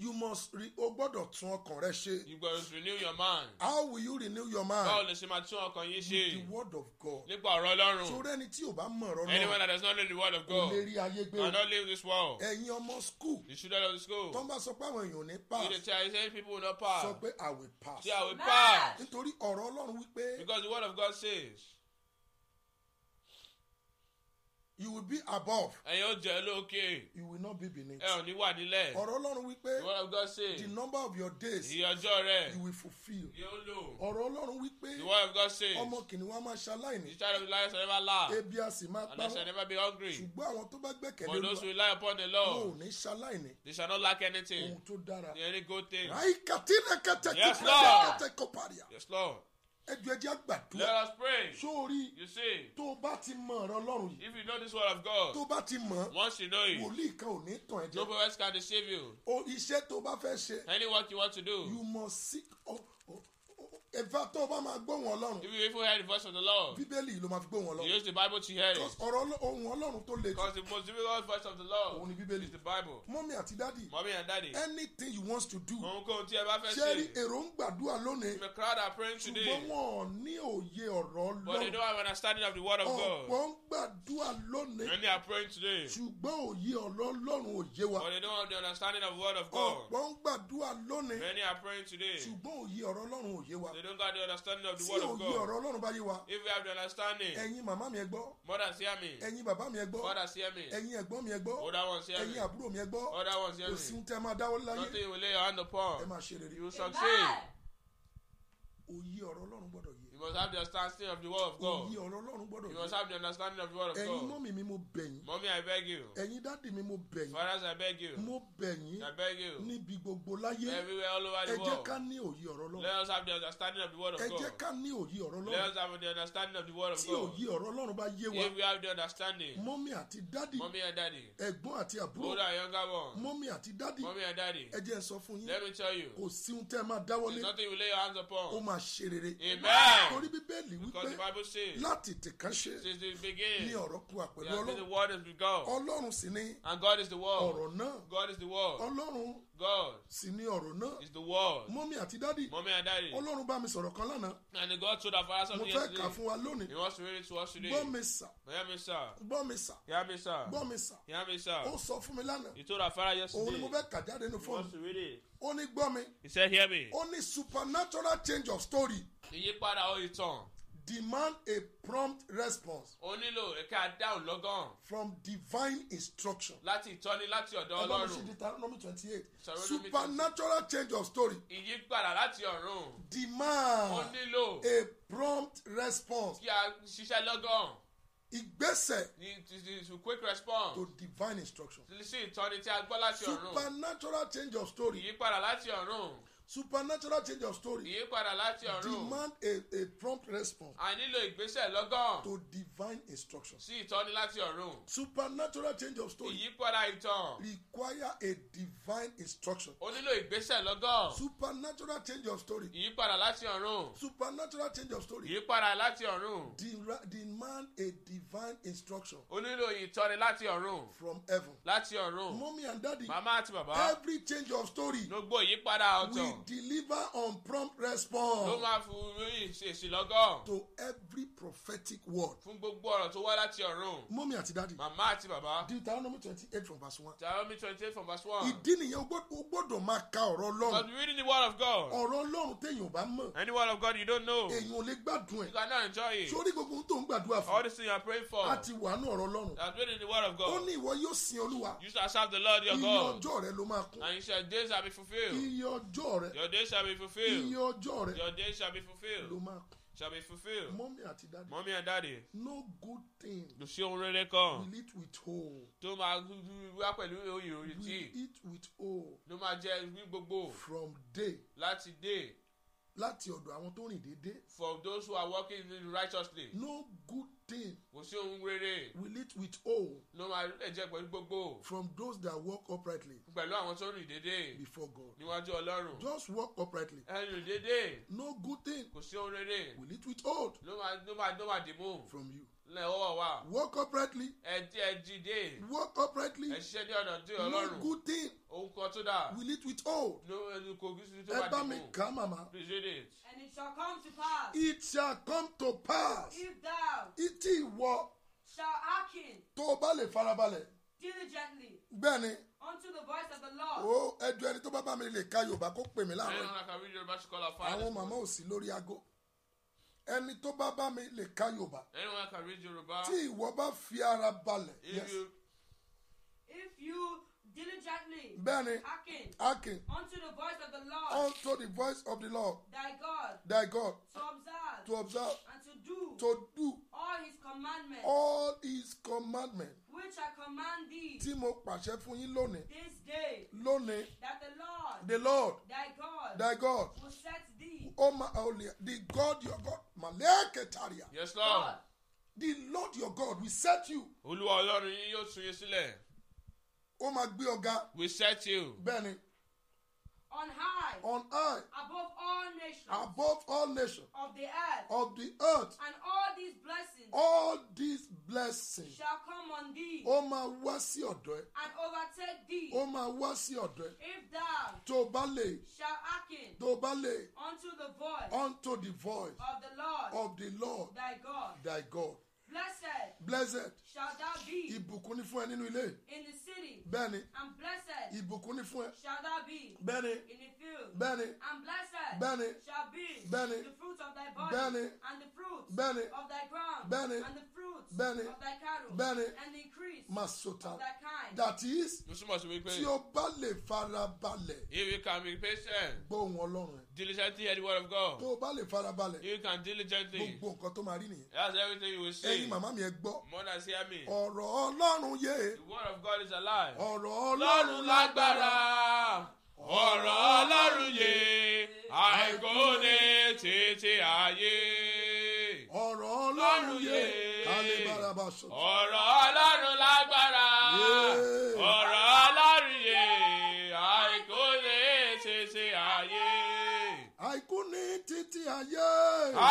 S3: you must re o gbọdọ tún ọkàn rẹ ṣe. you gats renew your mind. how will you renew your mind. báwo lè ṣe máa tún ọkàn yín ṣe. with the word of God. nípa ọ̀rọ̀ ọlọ́run. sórí ẹni tí ò bá mọ̀ ọ̀rọ̀ náà. anyone that does not know the word of God. kò lè rí ayé gbé. and not leave this world. ẹ̀yin ọmọ school. the children of the school. tó ń bá sọ pé àwọn èèyàn ò ní pass. you dey tell say people will not pass. sọ pé i will pass. say i will pass. nítorí ọ̀rọ̀ ọlọ́run wípé. because the word of God says you will be above. ẹ̀yin ó jẹ́ lókè. you will not be beneath. ẹ ò ní wà nílẹ̀. ọ̀rọ̀ ọlọ́run wípé. ìwọ ẹ̀gọ́ sí. the number of your days. iye ọjọ́ rẹ̀. you will fulfil. yóò lò. ọ̀rọ̀ ọlọ́run wípé. ìwọ ẹ̀gọ́ sí. ọmọ kìnìún wa máa ṣaláìní. ìṣàlẹ̀ òbí láyé sọ̀rọ̀ bá la. ebi a sì máa pa wọn. àlàṣẹ never be hungry. ṣùgbọ́n àwọn tó bá gbẹ̀kẹ̀lé lọ. for those who rely upon the law. wọn ní ṣaláìní. they shall not lack anything. ohun tó dára. the very good thing ẹjọ ẹjẹ àgbàdúrà. let us pray. sórí. you see. tó bá ti mọ ọ̀rọ̀ ọlọ́run yìí. if you know this word of God. tó bá ti mọ̀. once you know it. wòlíì kan ò ní tàn ẹ́ no prophet can deceive you. o iṣẹ́ tó bá fẹ́ ṣe. any work you want to do. you must seek ẹ̀fà tó o bá máa gbóhùn ọlọ́run. if you even hear the voice of the lord. bíbélì ló máa fi gbóhùn ọlọ́run. you use the bible to hear it. because ọ̀rọ̀ ohun ọlọ́run tó le. because the most difficult voice of the lord. òun ni bíbélì. is the bible. mọ́mí àti dádì. mọ́mí and dádì. anything you want to do. ohunkóhun tí ẹ bá fẹ́ ṣe. ṣé èrò ń lónìí. the crowd are praying today. ṣùgbọ́n wọn ní òye ọ̀rọ̀ lọ. but they don't have an understanding of the word of God. ọ̀pọ̀ ń gbàdúrà lónìí. many are praying today. but they don't have the understanding of the word of God. ọ̀pọ̀ ń gbàdúrà lónìí. many are praying today. ṣùgbọ́n they don't got the understanding of the word of God. tí òye ọ̀rọ̀ ọlọ́run bá yé wa. if you have the understanding. ẹ̀yin màmá mi ẹ gbọ́. mother sí ẹ̀mí. ẹ̀yin bàbá mi ẹ gbọ́. father sí ẹ̀mí. ẹ̀yin ẹ̀gbọ́n mi ẹ gbọ́. older one sí ẹ̀mí. ẹ̀yin àbúrò mi ẹ gbọ́. older one sí ẹ̀mí. òsín tẹ máa dáwọ́ láyé. nothing will lay your hand upon. ẹ máa ṣe rere. you succeed. òye ọ̀rọ̀ ọlọ́run gbọ́dọ̀ you must have the understanding of the word of God. òye ọ̀rọ̀ ọlọ́run gbọ́dọ̀. you must have the understanding of the word of God. ẹ̀yin mọ́mì mi mo bẹ̀ yín. I beg you. ẹ̀yin dáàdì mi mo bẹ̀ fathers I beg you. mo bẹ̀ I beg you. níbi gbogbo láyé. everywhere all over the world. ẹ jẹ́ ká ní òye ọ̀rọ̀ ọlọ́run. let us have the understanding of the word of God. ẹ jẹ́ ká ní òye ọ̀rọ̀ ọlọ́run. let us have the understanding of the word of God. tí òye ọ̀rọ̀ ọlọ́run bá yé wa. if we have the understanding. mọ́mì àti dáàdì. mọ́mì and daddy. ẹ̀gbọ́n àti àbúrò. older and younger one. mọ́mì àti dáàdì. mọ́mì and dáàdì. ẹ jẹ́ sọ fún yín. let me tell you. kò sí ohun tẹ́ máa dáwọ́lé. there's nothing you lay your hands upon. ó máa ṣe rere. amen torí bíbélì wípé láti tìkan ṣe ni ọ̀rọ̀ ku àpẹẹrẹ ọlọ́run ọlọ́run sì ni ọ̀rọ̀ náà ọlọ́run God. sì ni ọ̀rọ̀ náà. is the word. mọ́mí àti dádì. mọ́mí àti dádì. ọlọ́run bá mi sọ̀rọ̀ kan lánàá. and the God told our father something yesterday. mo fẹ́ kà fún wa lónìí. he wants to read it to us today. gbọ́ mi sà. bẹ́ẹ̀ mi sà. gbọ́ mi sà. yá mi sà. gbọ́ mi sà. yá mi sà. ó sọ fún mi lánàá. he told our father yesterday. òun ni mo fẹ́ kà jáde nínú fóònù. he wants to read it. ó ní gbọ́ mi. he said hear me. ó ní supernatural change of story ìyípadà ìtàn. demand a prompt response. o nílò ẹ̀ka dáhùn lọ́gán. from divine instruction. láti ìtọ́ni láti ọ̀dọ̀ ọlọ́run. ẹ̀ka lọ́sí deuteronomy twenty eight. supernatural change of story. ìyípadà láti ọ̀run. demand. o nílò. a prompt response. kí a ṣiṣẹ́ lọ́gán ìgbésẹ̀. to quick response. to divine instruction. sí ìtọ́ni tí a gbọ́ láti ọ̀run. supernatural change of story. ìyípadà láti ọ̀run supernatural change of story. ìyípadà láti ọ̀run. demand a a prompt response. a nílò ìgbésẹ̀ lọ́gàn. to divine instruction. sí ìtọ́ni láti ọ̀run. supernatural change of story. ìyípadà ìtàn. require a divine instruction. o nílò ìgbésẹ̀ lọ́gàn. supernatural change of story. ìyípadà láti ọ̀run. supernatural change of story. ìyípadà láti ọ̀run. demand a divine instruction. o nílò ìtọ́ni láti ọ̀run. from heaven. láti ọ̀run. mommy and daddy. mama àti bàbá. every change of story. gbogbo ìyípadà ọ̀tọ̀. we deliver on prompt response. ló máa fún mi èsì lọ́gọ́. to every prophetic word. fún gbogbo ọ̀rọ̀ tó wá láti ọ̀run. mọ́mí àti dáàdi. màmá àti bàbá. deuteronomy twenty eight from verse one. deuteronomy twenty eight from verse one. ìdí nìyẹn o gbọ́dọ̀ máa ka ọ̀rọ̀ ọlọ́run. but reading the word of God. ọ̀rọ̀ ọlọ́run téèyàn ò bá mọ̀. any word of God you don't know. èèyàn ò lè gbádùn ẹ̀. you cannot enjoy it. sórí gbogbo ohun tó ń gbàdúrà fún. all the things you are praying for. a ti wà nù ọ̀rọ̀ ọlọ́run. that's reading the word of God. ó ní ìwọ yóò sin olúwa. you shall serve the lord your God. iye ọjọ́ rẹ ló and you shall days shall be fulfilled. iye ọjọ́ rẹ your day shall be fulfilled. iye ọjọ́ rẹ. your day shall be fulfilled. ló shall be fulfilled. Mommy and daddy. mọ́mí àti dáàdì. no good thing. kò sí ohun rere kan. will eat with whole. tó máa wá pẹ̀lú oyè oyè tí. will eat with whole. ló máa jẹ ní gbogbo. from day. láti day. láti ọ̀dọ̀ àwọn tó rìn déédéé. for those who are working righteously. no good thing. kò sí ohun rere. will it withhold. ló máa lè jẹ pẹ̀lú gbogbo. from those that walk uprightly. pẹ̀lú àwọn tó rìn dédé. before God. níwájú ọlọ́run. just walk uprightly. ẹ rìn dédé. no good thing. kò sí ohun rere. will it withhold. ló máa ló máa ló máa dì from you lẹ́wọ́ wa. work uprightly. ẹ di ẹ dìde. work uprightly. ẹ ṣiṣẹ́ ní ọ̀nà tí ọlọ́run. no good thing. ohun kan tó dáa. will it withhold. no kò kí sí tó bá dìbò. ẹ bá mi kà á màmá. appreciate it.
S4: It shall come to pass.
S3: It shall come to pass.
S4: If thou.
S3: Ìtì ìwọ.
S4: Shall hearken.
S3: Tó o farabale
S4: Diligently. bene Unto the voice of the Lord. Oh,
S3: ẹjọ́ ẹni tó bá bá mi lè ka Yorùbá kó pè mí láàárọ̀. Ẹnu àkàrí Yorùbá ṣe kọ́lá fáìlì. Àwọn màmá ò sí lórí aago. Ẹni tó bá bá mi lè ka Yorùbá. Ẹnu àkàrí Yorùbá. Tí ìwọ bá fi ara balẹ̀. yes.
S4: bẹ́ẹ̀ni. Hearken. Unto the voice of the Lord.
S3: Unto the voice of the Lord.
S4: Thy God. Thy God. To observe. To observe. And to do. To do. All his commandments. All
S3: his commandments. Which I command thee. Tí mo pàṣẹ fún yín lónìí.
S4: This day.
S3: Lónìí. That
S4: the Lord. The Lord. Thy God. Thy God. Will set thee. O ma
S3: only the God your God. Maleketaria. Yes, Lord. God. The Lord your God will set you. Olúwa Ọlọ́run yín yóò sún yín sílẹ̀ ó máa gbé ọ̀gá. we set you. bẹ́ẹ̀ni.
S4: on high. on high. above all nations. above
S3: all nations.
S4: of the earth. of the earth. and all these blessings. all
S3: these blessings.
S4: shall come on thee. ó máa wá sí ọ̀dọ̀ ẹ. and overtake thee. ó máa wá sí ọ̀dọ̀ ẹ. if thou.
S3: tó o bá lè.
S4: shall hearken. tó o bá lè. unto the voice. unto the voice. of the Lord. of the
S3: Lord. thy God. thy God.
S4: blessed.
S3: blessed shall thou be. Ìbùkún ni fún ẹ nínú ilé.
S4: In the city. Bẹ́ẹ̀ni. And blessed.
S3: Ìbùkún ni fún ẹ.
S4: Shall thou be. Bẹ́ẹ̀ni. In the field. Bẹ́ẹ̀ni. And blessed. Bẹ́ẹ̀ni. Shall be. Bẹ́ẹ̀ni. The fruit of thy body. Bẹ́ẹ̀ni. And the fruit.
S3: Bẹ́ẹ̀ni. Of thy ground. Bẹ́ẹ̀ni. And the fruit. Bẹ́ẹ̀ni. Of thy cattle. Bẹ́ẹ̀ni.
S4: And the increase. Masota. Of thy
S3: kind. That is. Lọ́sùmọ̀ sí wípé. Tí o bá lè farabalẹ̀. If you can be patient. Gbóhùn Ọlọ́run. Diligently hear the word of God. Tó o bá lè farabalẹ̀. You can diligently. Gbogbo nǹkan tó máa rí nìyẹn. That's everything you will see. Ẹyin màmá mi ẹ gbọ́. Mọ́nà sí ọ̀rọ̀ ọlọ́run yé. the word of God is alive. ọ̀rọ̀ ọlọ́run lágbára. ọ̀rọ̀ ọlọ́run yé àìkóni títí ayé. ọ̀rọ̀ ọlọ́run yé kálí bárabà sọ. ọ̀rọ̀ ọlọ́run lágbára. ọ̀rọ̀ ọlọ́run yé àìkóni títí ayé. àìkóni títí ayé.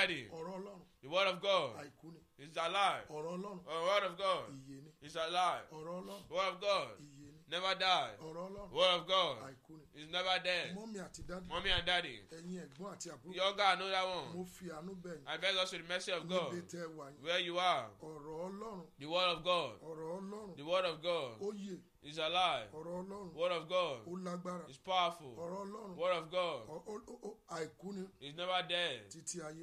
S3: jáde. the word of God. is alive. the oh, word of God. is alive. the word of God. never die. the word of God is never there. Mommy and daddy. mọ́mí àti dáàdì. ẹ̀yin ẹ̀gbọ́n àti àbúrò. one. I beg us with the mercy of God. where you are. the word of God. the word of God. ó yè. is alive. word of God. ó is powerful. word of God. àìkú is never dead.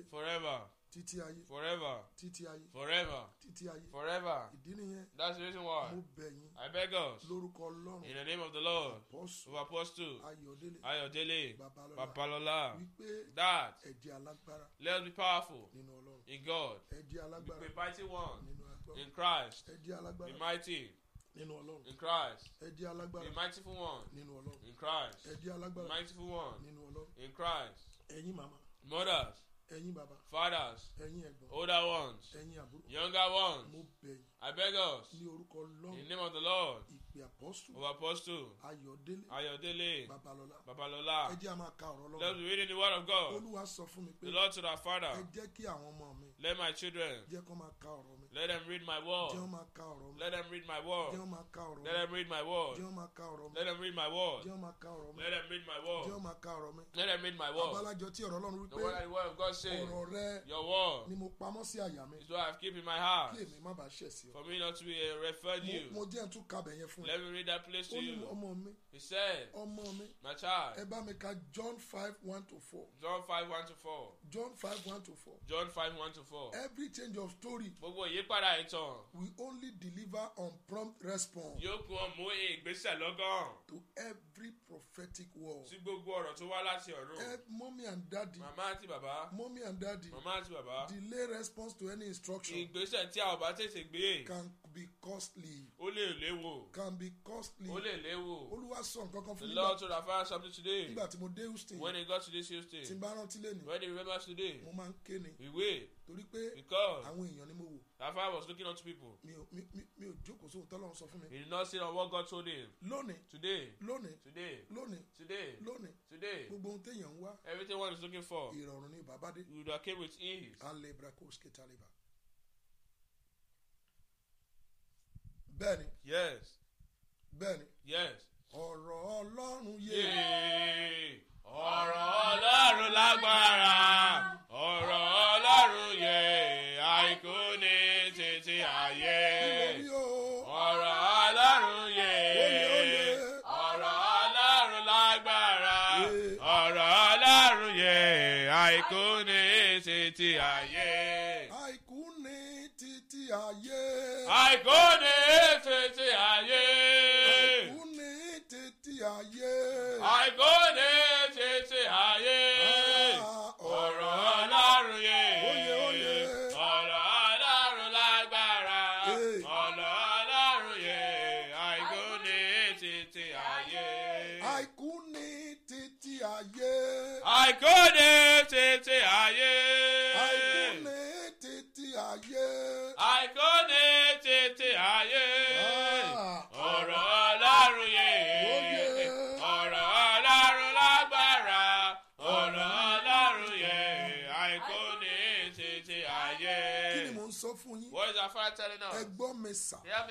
S3: forever títí ayé. forever. títí ayé. forever. títí ayé. forever. ìdí nìyẹn. that's the reason why. mo bẹ̀ yín. I beg us. lórúkọ ọlọ́run. in the name of the lord. apostle. of apostle. ayọ̀délé. ayọ̀délé. babalọ́lá. babalọ́lá. wípé. that. ẹ̀jẹ̀ alágbára. let us be powerful. nínú ọlọ́run. in God. ẹ̀jẹ̀ alágbára. be mighty one. nínú agbára. in Christ. ẹ̀jẹ̀ alágbára. be mighty nínú ọlọ́run. in christ. ẹ alágbára. the mighty for one. nínú ọlọ́run. in christ. ẹ alágbára. the mighty for one. nínú ọlọ́run. in christ. ẹyin màmá. mothers. ẹ̀yin baba. fathers. ẹ̀yin ẹ̀gbọ́n. older ones. ẹ̀yin àbúrò. younger ones. mo bẹ̀ yín. I beg us. ní orúkọ lọ́wọ́. in the name of the lord. ìpè apostle, of apostle, ayọ̀délé. ayọ̀délé. babalọ́lá. babalọ́lá. ẹ jẹ́ a máa ka ọ̀rọ̀ lọ́wọ́. let's read in the word of God. olúwa sọ fún mi pé. the lord to our father. ẹ jẹ́ kí àwọn ọmọ mi. let my children. jẹ́ kó máa ka ọ̀rọ̀ mi. Let them read my word. Let them read my word. Let them read my word. Let them read my word. Let them read my word. Let them read my word. Abalajọ tí ọ̀rọ̀ Ọlọ́run wípé. The word of God of God say. Ọ̀rọ̀ rẹ. Your word. Ni mo pamọ́ sí àyà mi. It's what I have keep in my heart. Kí èmi má bàa ṣẹ̀ sí ọ. For me not to be uh, referred you. Mo jẹ́ ẹ̀ kabẹ̀ yẹn fún ẹ. Let me read that place to you. Ó ní ọmọ mi. He said. Ọmọ mi. My child. Ẹ bá mi ka John five one to four. John five one to four. John five one to four. John five one to four. Every change of story. Gbogbo ìyípadà ìtàn. We only deliver on prompt response. Yóò kún ọmọ ìgbésẹ̀ lọ́gán. To every prophetic word. Sí gbogbo ọ̀rọ̀ tó wá láti ọ̀run. Help mommy and daddy. Màmá àti bàbá. Mommy and daddy. Màmá àti bàbá. Delay response to any instruction. Ìgbésẹ̀ tí a ò bá tètè gbé. Can be costly. ó lè léwu. can be costly. ó lè léwu. olúwa sọ nǹkan kan fún mi. the lord told afara something today. nígbà tí mo dé houston. when he got to this houston. tí n bá rántí lé when he remembers today. mo máa ń ké ni. ìwé. torí pé àwọn èèyàn ni mo wò. afara was looking unto people. mi ò mi mi ò jókòó sóhun tọ́lọ́ sọ fún mi. he did not see what God told him. lónìí. today. lónìí. today. lónìí. today. lónìí. today. gbogbo ohun téèyàn ń wá. everything one is looking for. ìrọ̀rùn ni bàbá dé. you da came with ease. alebra kò skate aleba. bẹ́ẹ̀ni. yes. bẹ́ẹ̀ni. yes. ọ̀rọ̀ ọlọ́run yé. ọ̀rọ̀ ọlọ́run lágbára ọ̀rọ̀ ọlọ́run yé àìkú ni. àìkú ní títí ayé. àìkú ní títí ayé. me, sir. Hear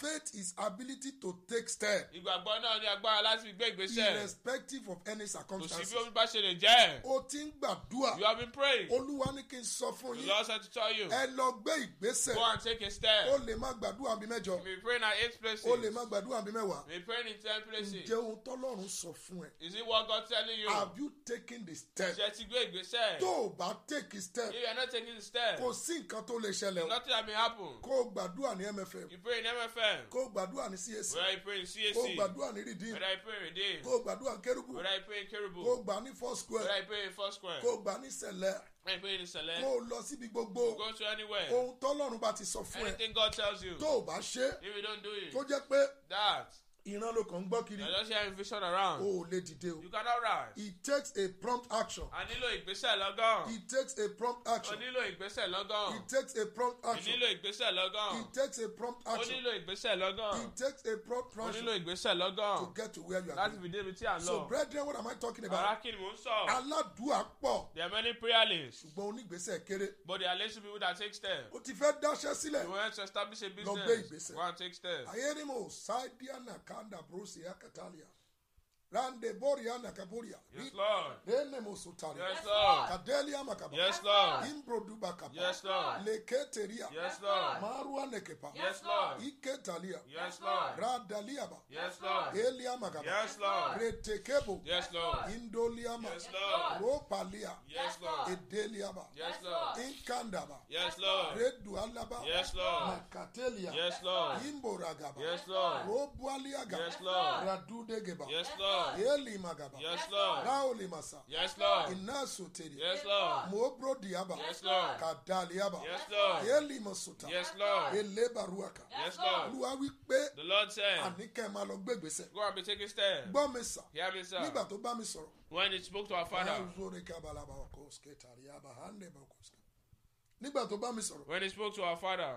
S3: Faith is ability to take step. Ìgbàgbọ́ náà ni agbára láti gbé ìgbésẹ̀. Irrespective of any circumstances. Kò sí bí omi bá ṣe lè jẹ́. O ti ń gbàdúrà. You have been praying. Olúwa ní kí n sọ fún yín. The Lord said to tell you. Ẹ lọ gbé ìgbésẹ̀. Go and take a step. O lè má gbàdúrà bí mẹ́jọ. You pray in eight places. O lè má gbàdúrà bí mẹ́wàá. You pray in ten places. Ǹjẹ́ ohun tọ́lọ́run sọ fún ẹ? Is it what God telling you? Have you taken the step? Ṣé ti gbé ìgbésẹ̀? Tó o bá take a step. If you are not taking the step. Kò sí nǹkan tó lè ṣẹlẹ̀ o. Nothing has been happen. Kó o gbàdúrà ní ẹ mfm. you pray in mfm. kó gbàdúrà ní CSC. whether you pray in CSC. kó gbàdúrà ní redeem. whether you pray in redeem. kó gbàdúrà kérubù. whether I pray in kérubù. kó gbà ní four square. whether you pray in four square. kó gbà ní sẹlẹ ẹgbẹ́ ìṣẹ̀lẹ̀. kó o lọ síbi gbogbo. go to anywhere. ohun tọ́lọ́run bá ti sọ fún ẹ. anything God tells you. tó o bá ṣe. if you don't do it. tó jẹ́ pé. that ìran ló kàn ń gbọ́ kiri. you're just hearing vision around. o ò lè dìde o. you cannot rise. it takes a prompt action. a nílò ìgbésẹ̀ lọ́gán. it takes a prompt action. o nílò ìgbésẹ̀ lọ́gán. it takes a prompt action. o nílò ìgbésẹ̀ lọ́gán. it takes a prompt action. o nílò ìgbésẹ̀ lọ́gán. it takes a prompt action. o nílò ìgbésẹ̀ lọ́gán. to get to where you are going. láti fi débi tí a lọ. so brethren what am I talking about? ara kí ni mò ń sọ. aládùúgbò pọ̀. there are many prayer lists. ṣùgbọ́n onígbésẹ̀ kéré. but there are less people that take steps. o ti fẹ́ dáṣẹ́ sílẹ̀. you want to establish a business. lọ gbé ìgbésẹ̀. one take steps. ayé ni mo sáà Kanda Brucia, Catalia. Rande Boriana Kaburia. Yes, Lord. Rene Musutari. Yes, Lord. Kadelia Makaba. Yes, Lord. Imbroduba Kapa. Yes, Lord. Leketeria. Yes, Lord. Marua Nekepa. Yes, Lord. Iketalia. Yes, Lord. Radaliaba. Yes, Lord. Elia Makaba. Yes, Lord. Retekebu. Yes, Lord. Indoliama. Yes, Lord. Ropalia. Yes, Lord. Edeliaba. Yes, Lord. Inkandaba. Yes, Lord. Redualaba. Yes, Lord. Makatelia. Yes, Lord. Imboragaba. Yes, Lord. Robualiaga. Yes, Lord. Radudegeba. Yes, Lord. Lord. Yes Lord. Yes, Lord. Rauli masa. Yes, Lord. Inasu teri. Yes, Lord. Yes Lord. Yes, Lord. Kadaliaba. Yes, Lord. Yes Lord. Yes, Lord. Eleba ruaka. Yes, Lord. Olúwa wí pé. The Lord said. Àníkẹ́ máa lọ gbégbèsè. Go and be taking step. Gbọ́ mi sà. Hear me sir. Nígbà tó bá mi sọ̀rọ̀. When he spoke to our father. Ayúzóre kábàlà bàbá kò skéta rí abahande bàbá kò skéta. Nígbà tó bá mi sọ̀rọ̀. When he spoke to our father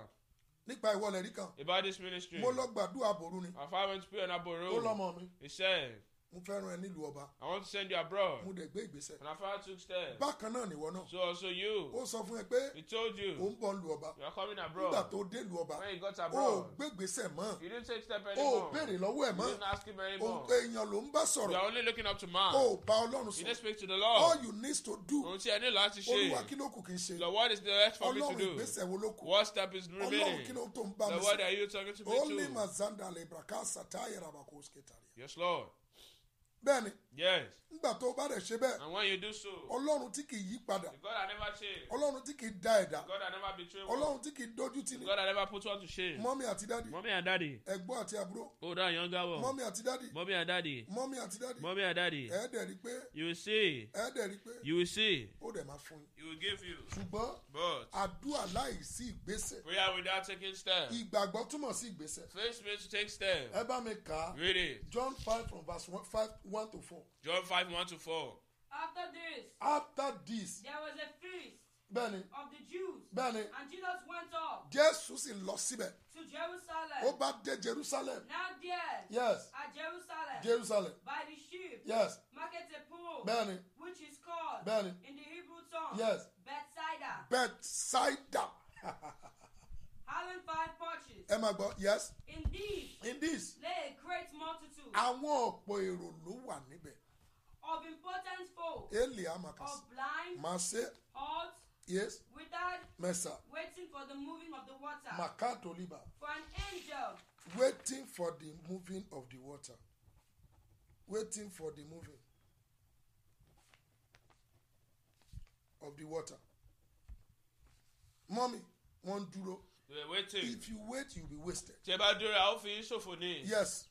S3: nípa ìwọlẹ̀ rí kan. about this ministry. mo lọ gbàdúrà àbòrú ni. our father went to pray on aboro. ó lọmọ mi. he said mo fẹ́ ẹ nílùú ọba. I want to send you abroad. mo dẹ̀ gbé ìgbésẹ̀. and I far took steps. bákan náà nìwọ náà. so also you. ó sọ fún ẹ pé. he told you. ó ń bọ̀ lù ọba. you are coming abroad. nígbà tó dé lù ọba. when you got abroad. o gbé ìgbésẹ̀ mọ́. you didn't take step anymore. o béèrè lọ́wọ́ ẹ̀ mọ́. you didn't ask him anymore. o èèyàn ló ń bá sọ̀rọ̀. you are only looking up to man. o bá ọlọ́run sọ. you didn't speak to the Lord. all you need to do. ohun tí ẹ ní láti ṣe. olúwa kí ló kù kí n ṣe. the word is the for me to do. what step is remaining. the word are you talking to me to. yes lord. bẹ́ẹ̀ yes. nígbà tó bá rẹ̀ ṣe bẹ́ẹ̀. and when you do so. ọlọ́run tí kì í yí padà. the God I never change. ọlọ́run tí kì í da ẹ̀dá. the God I never betray one. ọlọ́run tí kì dojú tì ní. the God I never put one to shame. mọ́mí àti dádì. mọ́mí àti dádì. ẹ̀gbọ́n àti àbúrò. o da yan gawọ. mọ́mí àti dádì. mọ́mí àti dádì. mọ́mí àti dádì. mọ́mí àti dádì. ẹ̀ẹ́dẹ̀ rí pé. you see. ẹ̀ẹ́dẹ̀ rí pé. you see. ó dẹ̀ máa fún yín. will give you. ṣùgbọ́n. but. àdúrà láì sí ìgbésẹ̀. prayer without taking steps. ìgbàgbọ́ túmọ̀ sí ìgbésẹ̀. faith means to take steps. ẹ bá mi kà á. read it. John five from verse one, five, one to four. John five five one to four.
S4: after this.
S3: after this.
S4: there was a feast. bẹ́ẹ̀ni. of the Jews. bẹ́ẹ̀ni. and Jesus went up.
S3: Jésù sì lọ síbẹ̀.
S4: to Jerusalem. ó bá
S3: dé Jerusalem.
S4: now there. yes. at Jerusalem. Jerusalem. by the sheep. yes. market a pool. bẹ́ẹ̀ni. which is called. bẹ́ẹ̀ni. in the Hebrew tongue. yes. Bethsaida.
S3: Bethsaida.
S4: having five porches. ẹ
S3: máa gbọ́ yes.
S4: in this. in this. lay a great multitude.
S3: àwọn ọ̀pọ̀ èrò ló wà níbẹ̀.
S4: Of important folk.
S3: Elia Makas. Of blind. Masse. Halt. Yes. Without, Mesa.
S4: Waiting for the moving of the water.
S3: Makato Liba.
S4: For an angel.
S3: Waiting for the moving of the water. Waiting for the moving of the water. Mommy, wọ́n dúró. If you wait, you'll be wasted. Yes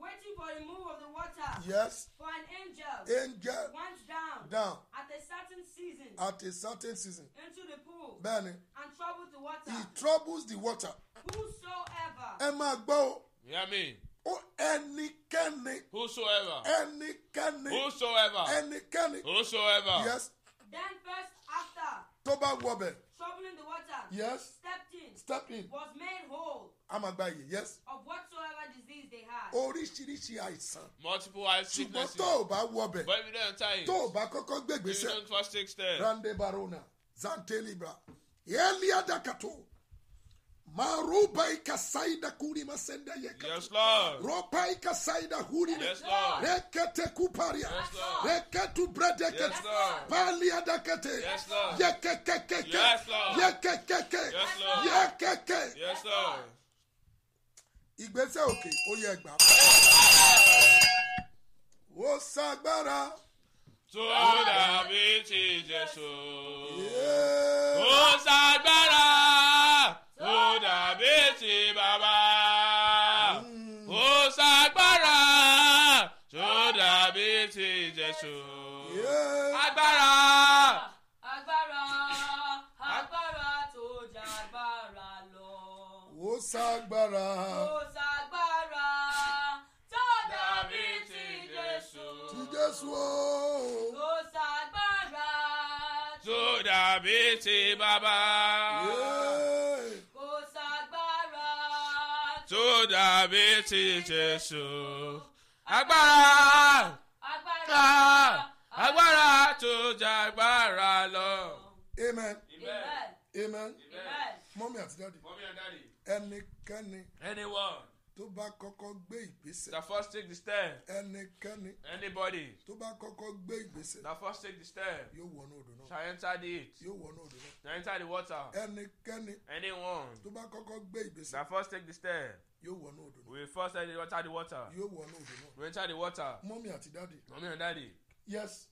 S4: waiting for the move of the water. Yes. For an angel. Angel. Went down. Down. At a certain season. At
S3: a certain season.
S4: Into the pool.
S3: Bẹ́ẹ̀ni. And
S4: troubles the water.
S3: He troubles the water.
S4: Whosoever. Ẹ
S3: máa gbọ́ o. Hear me. Ó ẹnikẹ́ni. Whosoever. Ẹnikẹ́ni. Whosoever. Ẹnikẹ́ni. Whosoever. Yes. Then first after. Toba bá
S4: Troubling the water. Yes. Stepped in. Stepped in. Was made whole.
S3: a yes.
S4: of whatsoever disease they had.
S3: oríṣiríṣi àìsàn. multiple eye sicknesses. ṣùgbọ́n tó o bá wọ bẹ̀. but if you don't tie it. tó o bá kọ́kọ́ gbègbèsẹ̀. if you don't first take step. rande barona zante libra eliadakato maruba ikasaida kurima senda yekatu. yes lord. ropa ikasaida hurime. yes lord. rekete kuparia. yes lord. reketu bredekete. yes lord. paliadakete. yes lord. yekekekeke. yes lord. yekekeke. yes lord. yekeke. yes lord. ìgbésẹ̀ òkè ó yẹ gbà. ó ṣàgbára. tó dàbí ti Jésù. ó ṣàgbára tó dàbí ti bàbá.
S1: Hmm. ó
S3: ṣàgbára tó dàbí ti Jésù. ságbára.
S4: kò ságbára tó dàbí
S3: ti Jésù. ti Jésù o.
S4: kò ságbára
S3: tó dàbí ti bàbá. kò ságbára tó dàbí ti Jésù. agbára agbára agbára tó jàgbára lọ. amen. amen. amen amen. mọ́mí àti dáàdì. mọ́mí àti dáàdì. ẹnikẹ́ni. anyone. tó bá kọ́kọ́ gbé ìgbésẹ̀. the first take the step. ẹnikẹ́ni. anybody. tó bá kọ́kọ́ gbé ìgbésẹ̀. the first take the step. yóò wọnú odò náà. shall enter the heat. yóò wọnú odò náà. shall enter the water. ẹnikẹ́ni. anyone. tó bá kọ́kọ́ gbé ìgbésẹ̀. the first take the step yóò wọnú odò náà. we first enter the water. yóò wọnú odò náà. we enter the water. mọ́mí àti dáàdì. mọ́mí àti dáàdì. yes.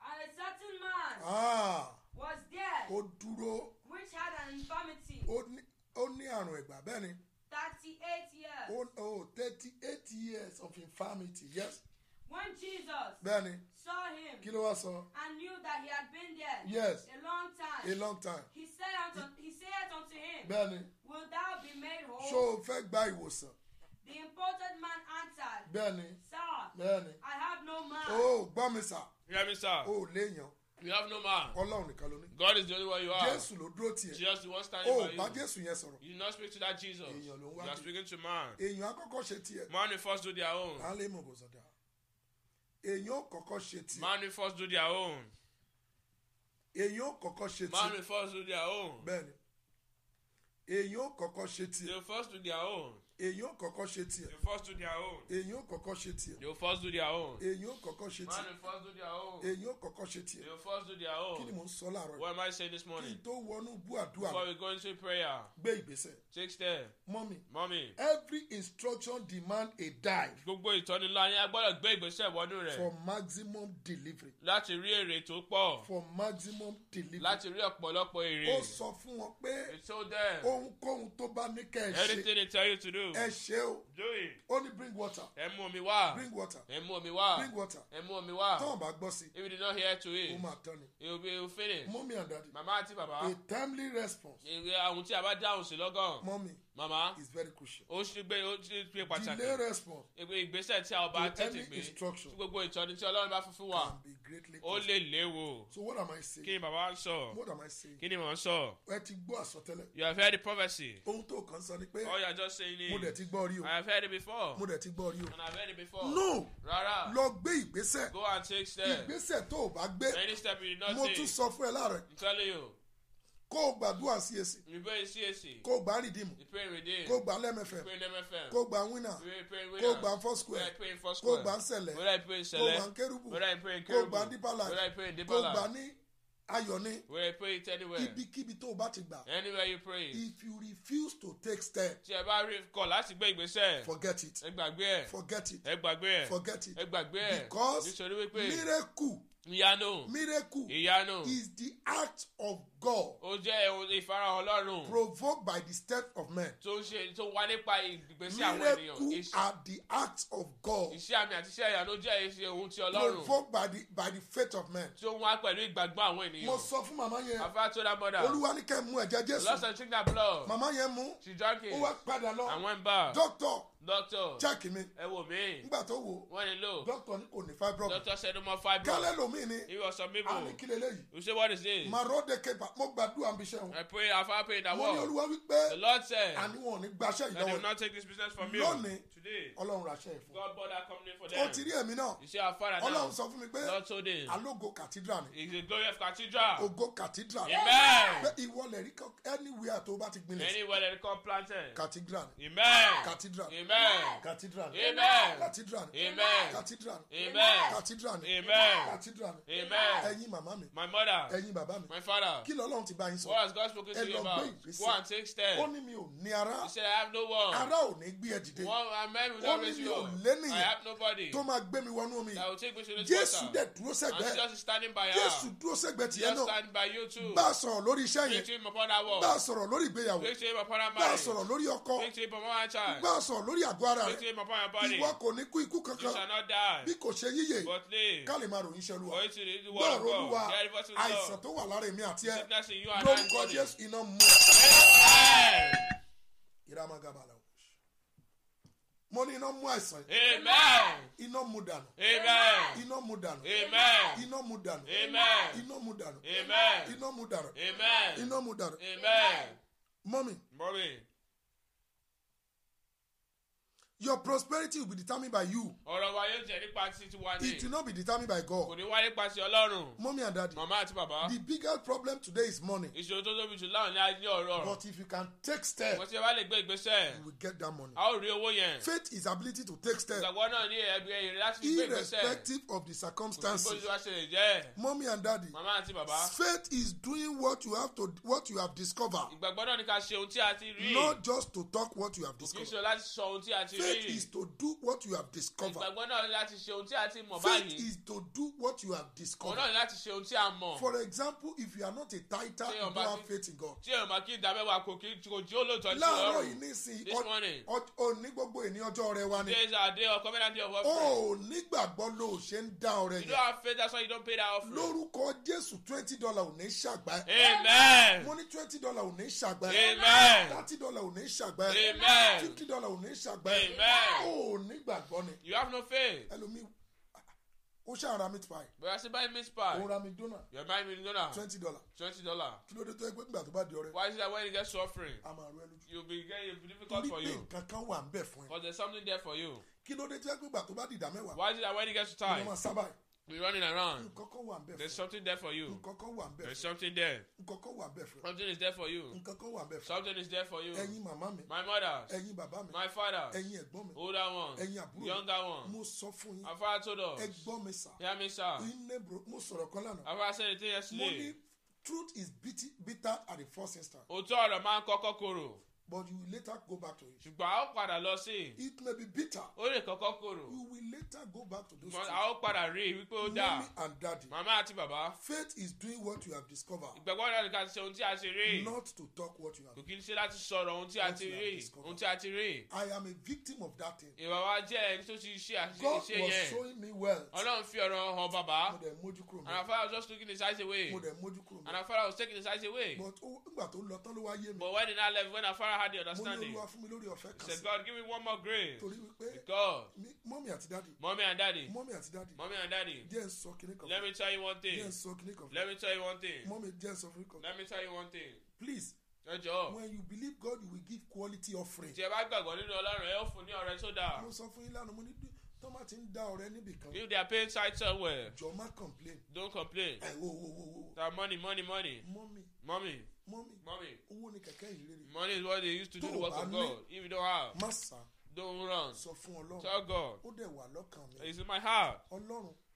S4: a certain man.
S3: ah
S4: was there. ó dúró. which had an infirmity.
S3: ó ní ó ní àrùn ẹ̀gbà bẹ́ẹ̀ ni.
S4: thirty-eight years. ó
S3: oh thirty-eight years of infirmity yes.
S4: when Jesus. bẹ́ẹ̀ saw him. kí ló wá sọ. and knew that he had been there. yes. a long time. a long time. he said unto he said unto him. bẹ́ẹ̀ will thou be made whole. ṣó o fẹ́
S3: gba ìwòsàn.
S4: The important man answered. Bẹ́ẹ̀ni. Sir. Bẹ́ẹ̀ni. I have no man. oh,
S3: gbọ́ mi sà. Yẹ́mi sà. O ò léèyàn you have no man. ọlọ́run nìkan ló ní. God is the only one you are. Jésù ló dúró tiẹ̀. Jesus the one standing oh, by you. o bá Jésù yẹn sọ̀rọ̀. you not speak to that Jesus. èèyàn ló ń wá. you are speaking to man. èèyàn akọ́kọ́ ṣe tiẹ̀. man will first do their own. alẹ́ mọ̀ bọ̀ sọ̀dá. èèyàn kọ́kọ́ ṣe tiẹ̀. man will first do their own. èèyàn kọ́kọ́ ṣe tiẹ̀. man will first do their own. bẹ́ẹ̀ni èèyàn kọ́kọ́ ṣe tiẹ̀. they first do their own èyí ó kọ́kọ́ ṣe tiẹ̀. they first do their own. èyí ó kọ́kọ́ ṣe tiẹ̀. they first do their own. èyí ó kọ́kọ́ ṣe tiẹ̀. man first do their own. èyí ó kọ́kọ́ ṣe tiẹ̀. they first do their own. kí ni mò ń sọ láàárọ̀ what am I saying this morning. kí n tó wọnú bú àdúrà. before we go into prayer. gbé ìgbésẹ̀. take step. mọ́mì. mọ́mì. every instruction demand a dive. gbogbo ìtọ́nilá yẹn a gbọ́dọ̀ gbé ìgbésẹ̀ wọnú rẹ̀. for maximum delivery. láti rí èrè tó pọ̀. for maximum delivery. láti rí everything they tell you to do do. ẹ ṣe o. do bring water. ẹ mú omi wá. bring water. ẹ mú omi wá. bring water. ẹ mú omi wá. tọ́wọ́n bá gbọ́ sí. if you did not hear to it. o máa tán ni. it will be finished. mọ́mí and daddy. màmá àti bàbá. a timely response. àwọn tí a bá dáhùn sí lọ́gàn. mọ́mí mama is very crucial. ó ṣe gbé ó ṣe gbé pàtàkì. delay response. ìgbésẹ̀ tí a ọba tètè gbé tí gbogbo ìtọ́ni tí ọlọ́run bá fún fún wa ó lè léwu. so what am I saying. kí ni bàbá ń sọ. what am I saying. kí ni mò sọ. ẹ ti gbọ́ àsọtẹ́lẹ̀. you have heard the prophecy. ohun tó kàn sọ ni pé. all you are just saying is. mo dẹ̀ ti gbọ́ rí o. I have heard it before. mo dẹ̀ ti gbọ́ rí o. and I have heard it before. no. rárá. lọ gbé ìgbésẹ̀. go and take step. ìgbésẹ̀ tó o bá gbé. any step you did not take. mo tún sọ fún ẹ láàrẹ kó o gbàdúrà csc. you pray csc. kó o gbà rìdíìmù. you pray rìdíìmù. kó o gbà lẹ́mẹ̀fẹ̀. you pray lẹ́mẹ̀fẹ̀. kó o gbà wínà. you pray wínà. kó o gbà four square. you pray four square. kó o gbà nsẹ̀lẹ̀. wọ́n láì pray nsẹ̀lẹ̀. kó o gbà nkérubù. wọ́n láì pray nkérubù. kó o gbà dípàlà. wọ́n láì pray dípàlà. kó o gbà ní ayọ̀ wọ́n láì pray it anywhere. ibikíbi tó o bá ti gbà. anywhere you pray. if you refuse to take step. tí ẹ bá rí kọ láti gbé ìgbésẹ̀. forget it. ẹ gbàgbé ẹ. forget it. ẹ gbàgbé ẹ. forget it. ẹ gbàgbé ẹ. because miracle. ìyanu. miracle. ìyanu. is the act of God. ó jẹ́ ìfarahàn ọlọ́run. provoked by the step of men. tó ṣe tó wá nípa ìgbésí àwọn ènìyàn. miracle are the acts of God. iṣẹ́ àmì àti iṣẹ́ ìyanu jẹ́ iṣẹ́ ohun ti ọlọ́run. provoked by the by the faith of men. tí ó wá pẹ̀lú ìgbàgbọ́ àwọn ènìyàn. mo sọ fún màmá yẹn. àfa tó dá mọ́dà. olúwa ní kẹ́ mú ẹ̀jẹ̀ jésù. lọ́sàn-án drink that blood. yẹn mú. she drank it. ó wá padà lọ. àwọn ń bá. doctor doctor check mi ẹ wò mí nígbà tó wò wọ́n ní lò doctor ní kò ní fibroid doctor ṣe ni mo fibroid lomi ni ìwọ sọ mi bò àní kí lélẹ́yìí you say what is this maro de kepa mo gbàdúrà mi sẹ́wọ̀n. I pray I far pray that word. mo ní olúwa wípé. the lord said. àní wọn ò ní gbaṣẹ́ ìdánwò. that they will not take this business from me lónìí today. ọlọ́run ra ṣẹ́ ìfún. God bought that company for them. o ti rí èmi náà. you see our father now. ọlọ́run sọ fún mi pé. lord told him. alógo cathedral ni. he is a glorious cathedral. ogo cathedral. amen. pé ìwọ lè rí anywhere tó bá ti gbinlẹ̀. anywhere lè rí kan planted. cathedral. amen. cathedral. amen. cathedral. amen. cathedral. amen. cathedral. amen. cathedral. amen. cathedral. amen. ẹyin màmá mi. my mother. ẹyin bàbá mi. my father. kí lọ́lọ́run ti bá yín sọ. what has God spoken to you about? go and take steps. ó ní mi ò ní ara. he said I have no one. ara ò ní gbé ẹ dìde. one man men will not raise ó ní mi ò lẹ́nìyàn. I have nobody. tó máa gbé mi wọnú omi. that will take me to this water. Jésù dẹ̀ dúró sẹ́gbẹ́. and Jesus is standing by her. Jésù dúró sẹ́gbẹ́ tiẹ̀ náà. just standing by you too. bá a sọ̀rọ̀ lórí iṣẹ́ yẹn. victory upon that wall. bá a sọ̀rọ̀ lórí ìgbéyàwó. victory upon that marriage. bá a sọ̀rọ̀ lórí ọkọ. victory upon that child. bá a sọ̀rọ̀ lórí àgọ́ ara rẹ̀. victory upon your body. ìwọ kò ní kú ikú kankan. you shall not die. bí kò ṣe yíyè. but live. ká lè máa ròyìn iṣẹ́ olúwa. for you to read the word of God. bọ́ọ̀rọ̀ olúwa àìsàn tó wà lára èmi àti ẹ darkness in you are no godliness in a move Amen. ní iná mú son. amen. In mú dànù. amen. In mú dànù. amen. In mú dànù. amen. In mú dànù. amen. In mú dànù. amen. In mú dànù. amen. mọ́mí. mọ́mí your prosperity will be determined by you. ọ̀rọ̀ wa yóò jẹ́ nípa ti wa ni. it will not be determined by God. kò ní wá nípa ti ọlọ́run. mọ́mí and dadi. màmá àti bàbá. the biggest problem today is money. ìṣòro tó tóbi jù láwọn ní ayé ọ̀rọ̀. but if you can take steps. mo ti wá lè gbé ìgbésẹ̀. you will get that money. a ó rí owó yẹn. faith is ability to take steps. ìgbàgbọ́ náà ní ẹ̀bí ẹ̀yìn láti gbé ìgbésẹ̀. irrespective of the circumstances. kò sí bó ṣe lè jẹ́. mọ́mí and dadi. màmá àti bàbá. faith is doing what you have to what you have discovered. ìgbàgbọ́ náà ní ká ṣe ohun tí a ti rí. not just to talk what you have discovered. kì faith is to do what you have discovered. ìgbàgbọ́ náà ni láti ṣe ohun tí a ti mọ̀ báyìí. faith is to do what you have discovered. òun náà ni láti ṣe ohun tí a mọ̀. for example if you are not a tither you don't have faith in God. tí èèmọ̀ kí ìdámẹ́wàá kò kí kò jí ó lóòótọ́ sí lọ́rùn. láàárọ̀ yìí nísìnyí òní gbogbo èní ọjọ́ rẹ wa ni. days are day of covenant day of offering. o nígbàgbọ́ ló ṣe ń dá ọrẹ yẹn. you don't have faith that's why you don't pay that offering. lórúkọ jésù twenty dollar ò ní ṣàgbá. amen. mo ní twenty dollar ò ní ṣàgbá. amen. thirty dollar ò ní ṣàgbá. amen. fifty dollar ò ní ṣàgbá. amen. Amen. o nígbàgbọ́ ni. you have no faith. ẹlòmíì ó ṣe ara meat pie. bóyá ṣe báyìí meat pie. òun ra mi dona. yóò bá mi dona. twenty dollar. twenty dollar. kí ló dé tó yẹ pé nígbà bá di ọrẹ. why is that when you get suffering. a máa rú ẹ lójú. you be get you difficult for you. torí pé wà ń bẹ̀ fún ẹ. but there is something there for you. kí ló dé tó yẹ pé nígbà bá di ìdá mẹ́wàá. why is it that when you get to time. ìyẹn máa sábà yìí be running around. There's something there for you. There's something there. Something is there for you. Something is there for you. My mother. My father. Older one. Younger one. Afa told us. Hear me, sir. Afa said it yesterday. Truth is bitter at the first instant. Òtún ọ̀rọ̀ máa ń kọ́kọ́ korò but you will later go back to it. ṣùgbọ́n a ó padà lọ sí it may be bitter. ó lè kọ́kọ́ korò. you will later go back to those a ó padà rí i wípé ó dáa. mommy and daddy. màmá àti bàbá. faith is doing what you have discovered. ìgbàgbọ́ náà nìkan ti ṣe ohun tí a ti rí. not to talk what you have. kò kí n ṣe láti sọ̀rọ̀ ohun tí a ti rí. ohun tí a ti rí. I am a victim of that thing. ìwà wa jẹ́ ẹni tó ti ṣe àṣìṣe God was showing me well. ọlọ́run fi ọ̀rọ̀ hàn bàbá. mo dẹ̀ mójú kúrò mi. and but when he left when our father Jeremiah had the understanding. He said God give me one more grace. because mommy àti dáàdì. Mọ́mí and daddy. mommy àti dáàdì. Mọ́mí and daddy. Díẹ̀ sọ kìnnì kan. Let me tell you one thing. Díẹ̀ sọ kìnnì kan. Let me tell you one thing. Mọ́mí díẹ̀ sọ kìnnì kan. Let me tell you one thing. Please. Ẹ jọ. When you believe God you will give quality offering. Tí ẹ bá gbàgbọ́ nínú Ọlọ́run ẹ ó fún ní ọrẹ tó dáa. Mo sọ fún yín lánàá mo ní tó máa ti ń dá ọrẹ níbì kan. if they are paying tight somewhere. jọ má complain. don't complain. ẹ wo wo wo wo. ta money money money. mọ́mì. mọ́mì. Mommy, Mommy. Money is what they used to do the work of God. If you don't have, Master, don't run. So Tell God. It's in my heart.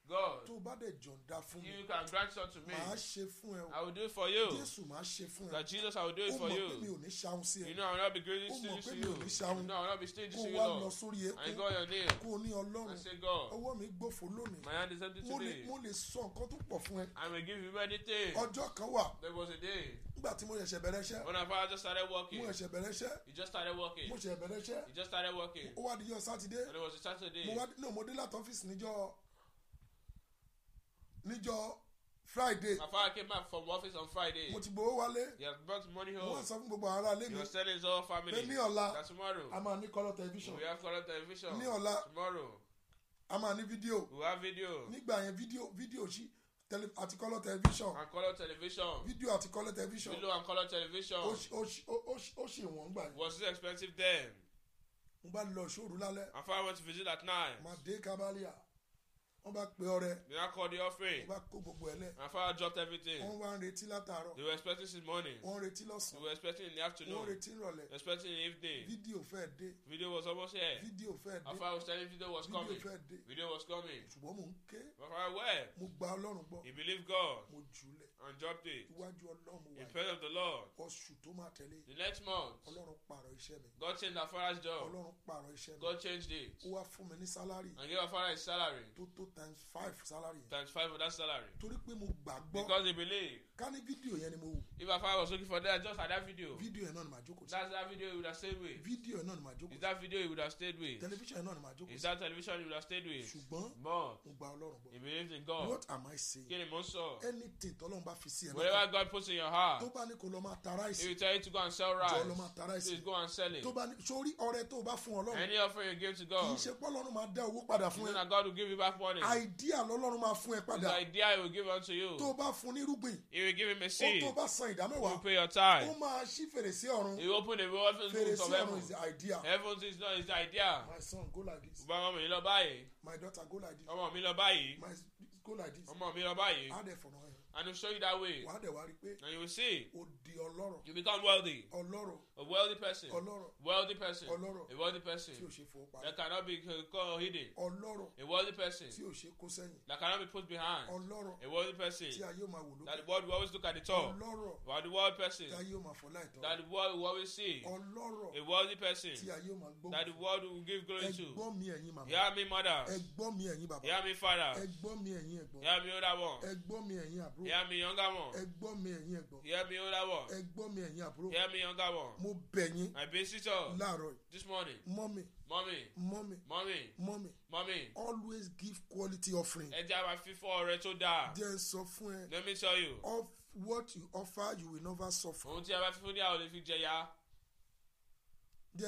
S3: God. tó o bá dẹ̀ jọ̀ǹda fún mi. you can grant it to me. màá ṣe fún ẹ I will do it for you. Jésù máa ṣe fún ẹ. that Jesus I will do it for you. o mọ̀ pé mi ò ní ṣahun sí ẹ. you know I will not be greedy to you. o mọ̀ pé mi ò ní ṣahun. you know I will not be stingy to you. kó wá lọ sórí eku. I go your name. kó o ní ọlọ́run. I say God. ọwọ́ mi gbófo lónìí. my hand is empty today. mo lè sọ nǹkan tó pọ̀ fún ẹ. I will give you many things. ọjọ́ kan wà. there was a day. nígbà tí mo ṣẹ̀ṣẹ̀ bẹ̀rẹ̀ iṣẹ́. when I just started working. mo ṣẹ̀ṣẹ̀ bẹ̀rẹ̀ iṣẹ́. he just started working. mo ṣẹ̀ṣẹ̀ bẹ̀rẹ̀ iṣẹ́. he just started working. ó wá di yọ sátidé. and it was a Saturday. mo wá no mo dé láti ọ́fíìsì níjọ́ níjọ friday. my father came back from office on friday. mo ti gbowó wálé. he has brought money home. wọ́n sọ fún gbogbo ara lé mi. he was telling his whole family. pé ọ̀la na tomorrow. a máa ní colour television. we have color television. ní ọ̀la tomorrow. a máa ní fídíò. we have video. nígbà yẹn fídíò video sí tele àti color television. and color television. video àti color television. video and color television. ó ṣe ó ṣe ó ṣe wọ́n gbà was it expensive then. mo bá lọ sóòrù lálẹ́. my father went to visit at night. ma dé kábàlíà wọ́n bá pe ọrẹ. they now call the offering. wọ́n bá kó gbogbo ẹ lẹ. and father dropped everything. wọ́n wá ń retí látàárọ̀. they were expecting this morning. wọ́n retí lọ́sàn-án. they were expecting in the afternoon. wọ́n retí ìrọ̀lẹ́. expecting in the evening. video fẹ́ dé. video was almost here. video fẹ́ dé. our father was telling video was video coming. video fẹ́ dé. video was coming. ṣùgbọ́n mò ń ké. my father where. mo gba ọlọ́run gbọ́. he believed God. mo jùlẹ̀. and dropped it. iwájú ọlọ́run wà. in front of the lord. oṣù tó máa tẹ̀lé. the next month. ọlọ́run pààrọ̀ iṣẹ́ mi. God changed our father's job. God changed it. ó gave our father his salary times five salary. times five of that salary. torí pé mo gbàgbọ́. because they believe. ká ní fídíò yẹn ni mo wù. if i find was looking for that just at that video. Video yẹn náà ni màá jókòó sí. that's that video you would have stayed with. Video yẹn náà ni màá jókòó sí. is that video you would have stayed with. television yẹn náà ni màá jókòó sí. is that television you would have stayed with. ṣùgbọ́n mo gba ọlọ́run gbọ́. he believes in God. what am I saying. kí ni mo sọ. anything tọ́lọ́run bá fi sí ẹ náà. whatever God puts in your heart. tó bá ní kó lọ máa ta rice. if you tell you to go and sell rice. jọ máa ta rice. please go and sell it. tó bá ní sórí ọrẹ tó bá fún ọlọ́run. any offering you give to God. kì í ṣe pọ́lọ́run máa dá owó padà fún ẹ. God will give you back money idea lọ́lọ́run máa fún ẹ padà. the idea I will give unto you. tó o bá fún ní irúgbìn. he will give him a seed. o tó o bá san ìdámẹ́wàá. you pay your tithe. ó máa ṣí fèrèsé ọ̀run. he open the world for the fruits of heaven. fèrèsé ọ̀run is the idea. heaven is not his idea. my son go like this. bàbá mi lọ báyìí. my daughter go like this. ọmọ mi lọ báyìí. my go like this. ọmọ mi lọ báyìí. adé fọ̀nà and he'll show you that way. and you will see. you become wealthy. a wealthy person. wealthy person. a wealthy person. that cannot be called hidden. a wealthy person. that cannot be put behind. a wealthy person. that the world will always look at the top. ọlọ́rọ̀. while the world person. that the world will always see. ọlọ́rọ̀. a wealthy person. that the world will give glory to. ẹgbọ́n mi ẹ̀yin mother. ẹgbọ́n mi ẹ̀yin father. ẹgbọ́n mi ẹ̀yin ẹ̀gbọ́n. one. Hear me, younger one. Ẹ gbọ́ mi ẹ̀yin ẹ̀gbọ́n. Hear me, older one. Ẹ gbọ́ mi ẹ̀yin àbúrò. Hear me, younger one. Mo bẹ̀ yín. I beg you to. Láàárọ̀ yìí. This morning. Mọ́mi. Mọ́mi. Mọ́mi. Mọ́mi. Mọ́mi. Mọ́mi. Always give quality offering. Ẹ jẹ́ àwọn fífọ́ ọrẹ tó dáa. Jẹ́ sọ fún ẹ. Let me tell you. Of what you offer you will never suffer. Ohun tí a bá fi fún ní àwọn olè fi jẹ ya.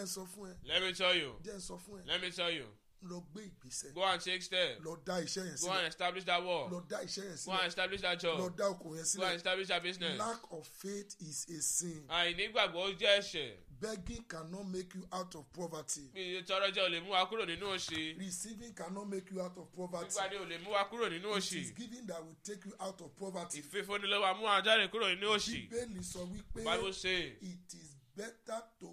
S3: sọ fún ẹ. Let me tell you. Jẹ́ sọ fún ẹ. Let me tell you lọ gbé ìgbésẹ. go and take step. lọ da iṣẹ́ yẹn sílẹ̀. go and establish that work. lọ da iṣẹ́ yẹn sílẹ̀. go and establish that job. lọ da okòwò yẹn sílẹ̀. go and establish that business. lack of faith is a sin. àìnígbàgbọ́ jẹ́ ẹ̀ṣẹ̀. begging cannot make you out of poverty. iye tọrọ jẹ o lè mú wa kúrò nínú òṣì. receiving cannot make you out of poverty. gbígbà ni o lè mú wa kúrò nínú òṣì. it is giving that will take you out of poverty. ìfífúnni ló wa mú wa jáde kúrò nínú òṣì. bíbélì sọ wípé. bible say. it is better to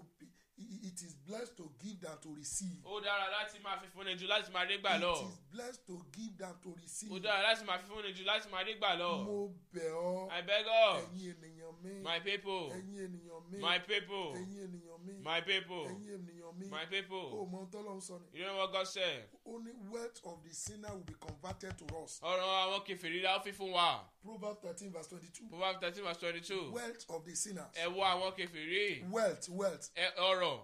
S3: it is blessed to give than to receive. ó dára láti máa fi fúnni ju láti máa rí gbà lọ. it is blessed to give than to receive. ó dára láti máa fi fúnni ju láti máa rí gbà lọ. mo bẹ̀ ọ́. I beg ọ́. ẹ̀yin ènìyàn mi. my people. ẹ̀yin ènìyàn mi. my people. ẹ̀yin ènìyàn mi. my people. ẹ̀yin ènìyàn mi èèyàn mi. my people. o mọ tọ́lọ́hún sọ ni. you know what God said. only wealth of the sinner will be converted to us. ọ̀rọ̀ àwọn kẹfìrí la ó fi fún wa. proverbs thirteen verse twenty-two. proverbs thirteen verse twenty-two. wealth of the sinners. ẹ̀wọ̀ àwọn kẹfìrí. wealth wealth. ẹ̀ ọ̀rọ̀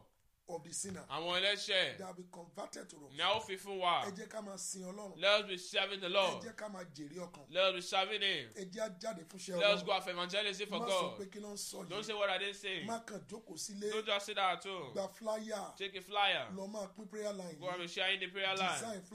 S3: of the sinner. àwọn ẹlẹ́ṣẹ̀. that will be converted to Rome. ní a ó fi fún wa. ẹ jẹ́ ká máa sin ọlọ́run. let us be serving the lord. ẹ jẹ́ ká máa jèrè ọkàn. let us be serving him. ẹ jẹ́ ajáde fún ṣẹ́ ọlọ́run. let us go after evangelism for God. má sọ pé kí ló ń sọ yìí. don't say what I dey say. má kàn jókòó sílé. don't just sit down at home. gba flyer. take a flyer. lọ máa pín prayer line. go and be sharing the prayer line. design flyer.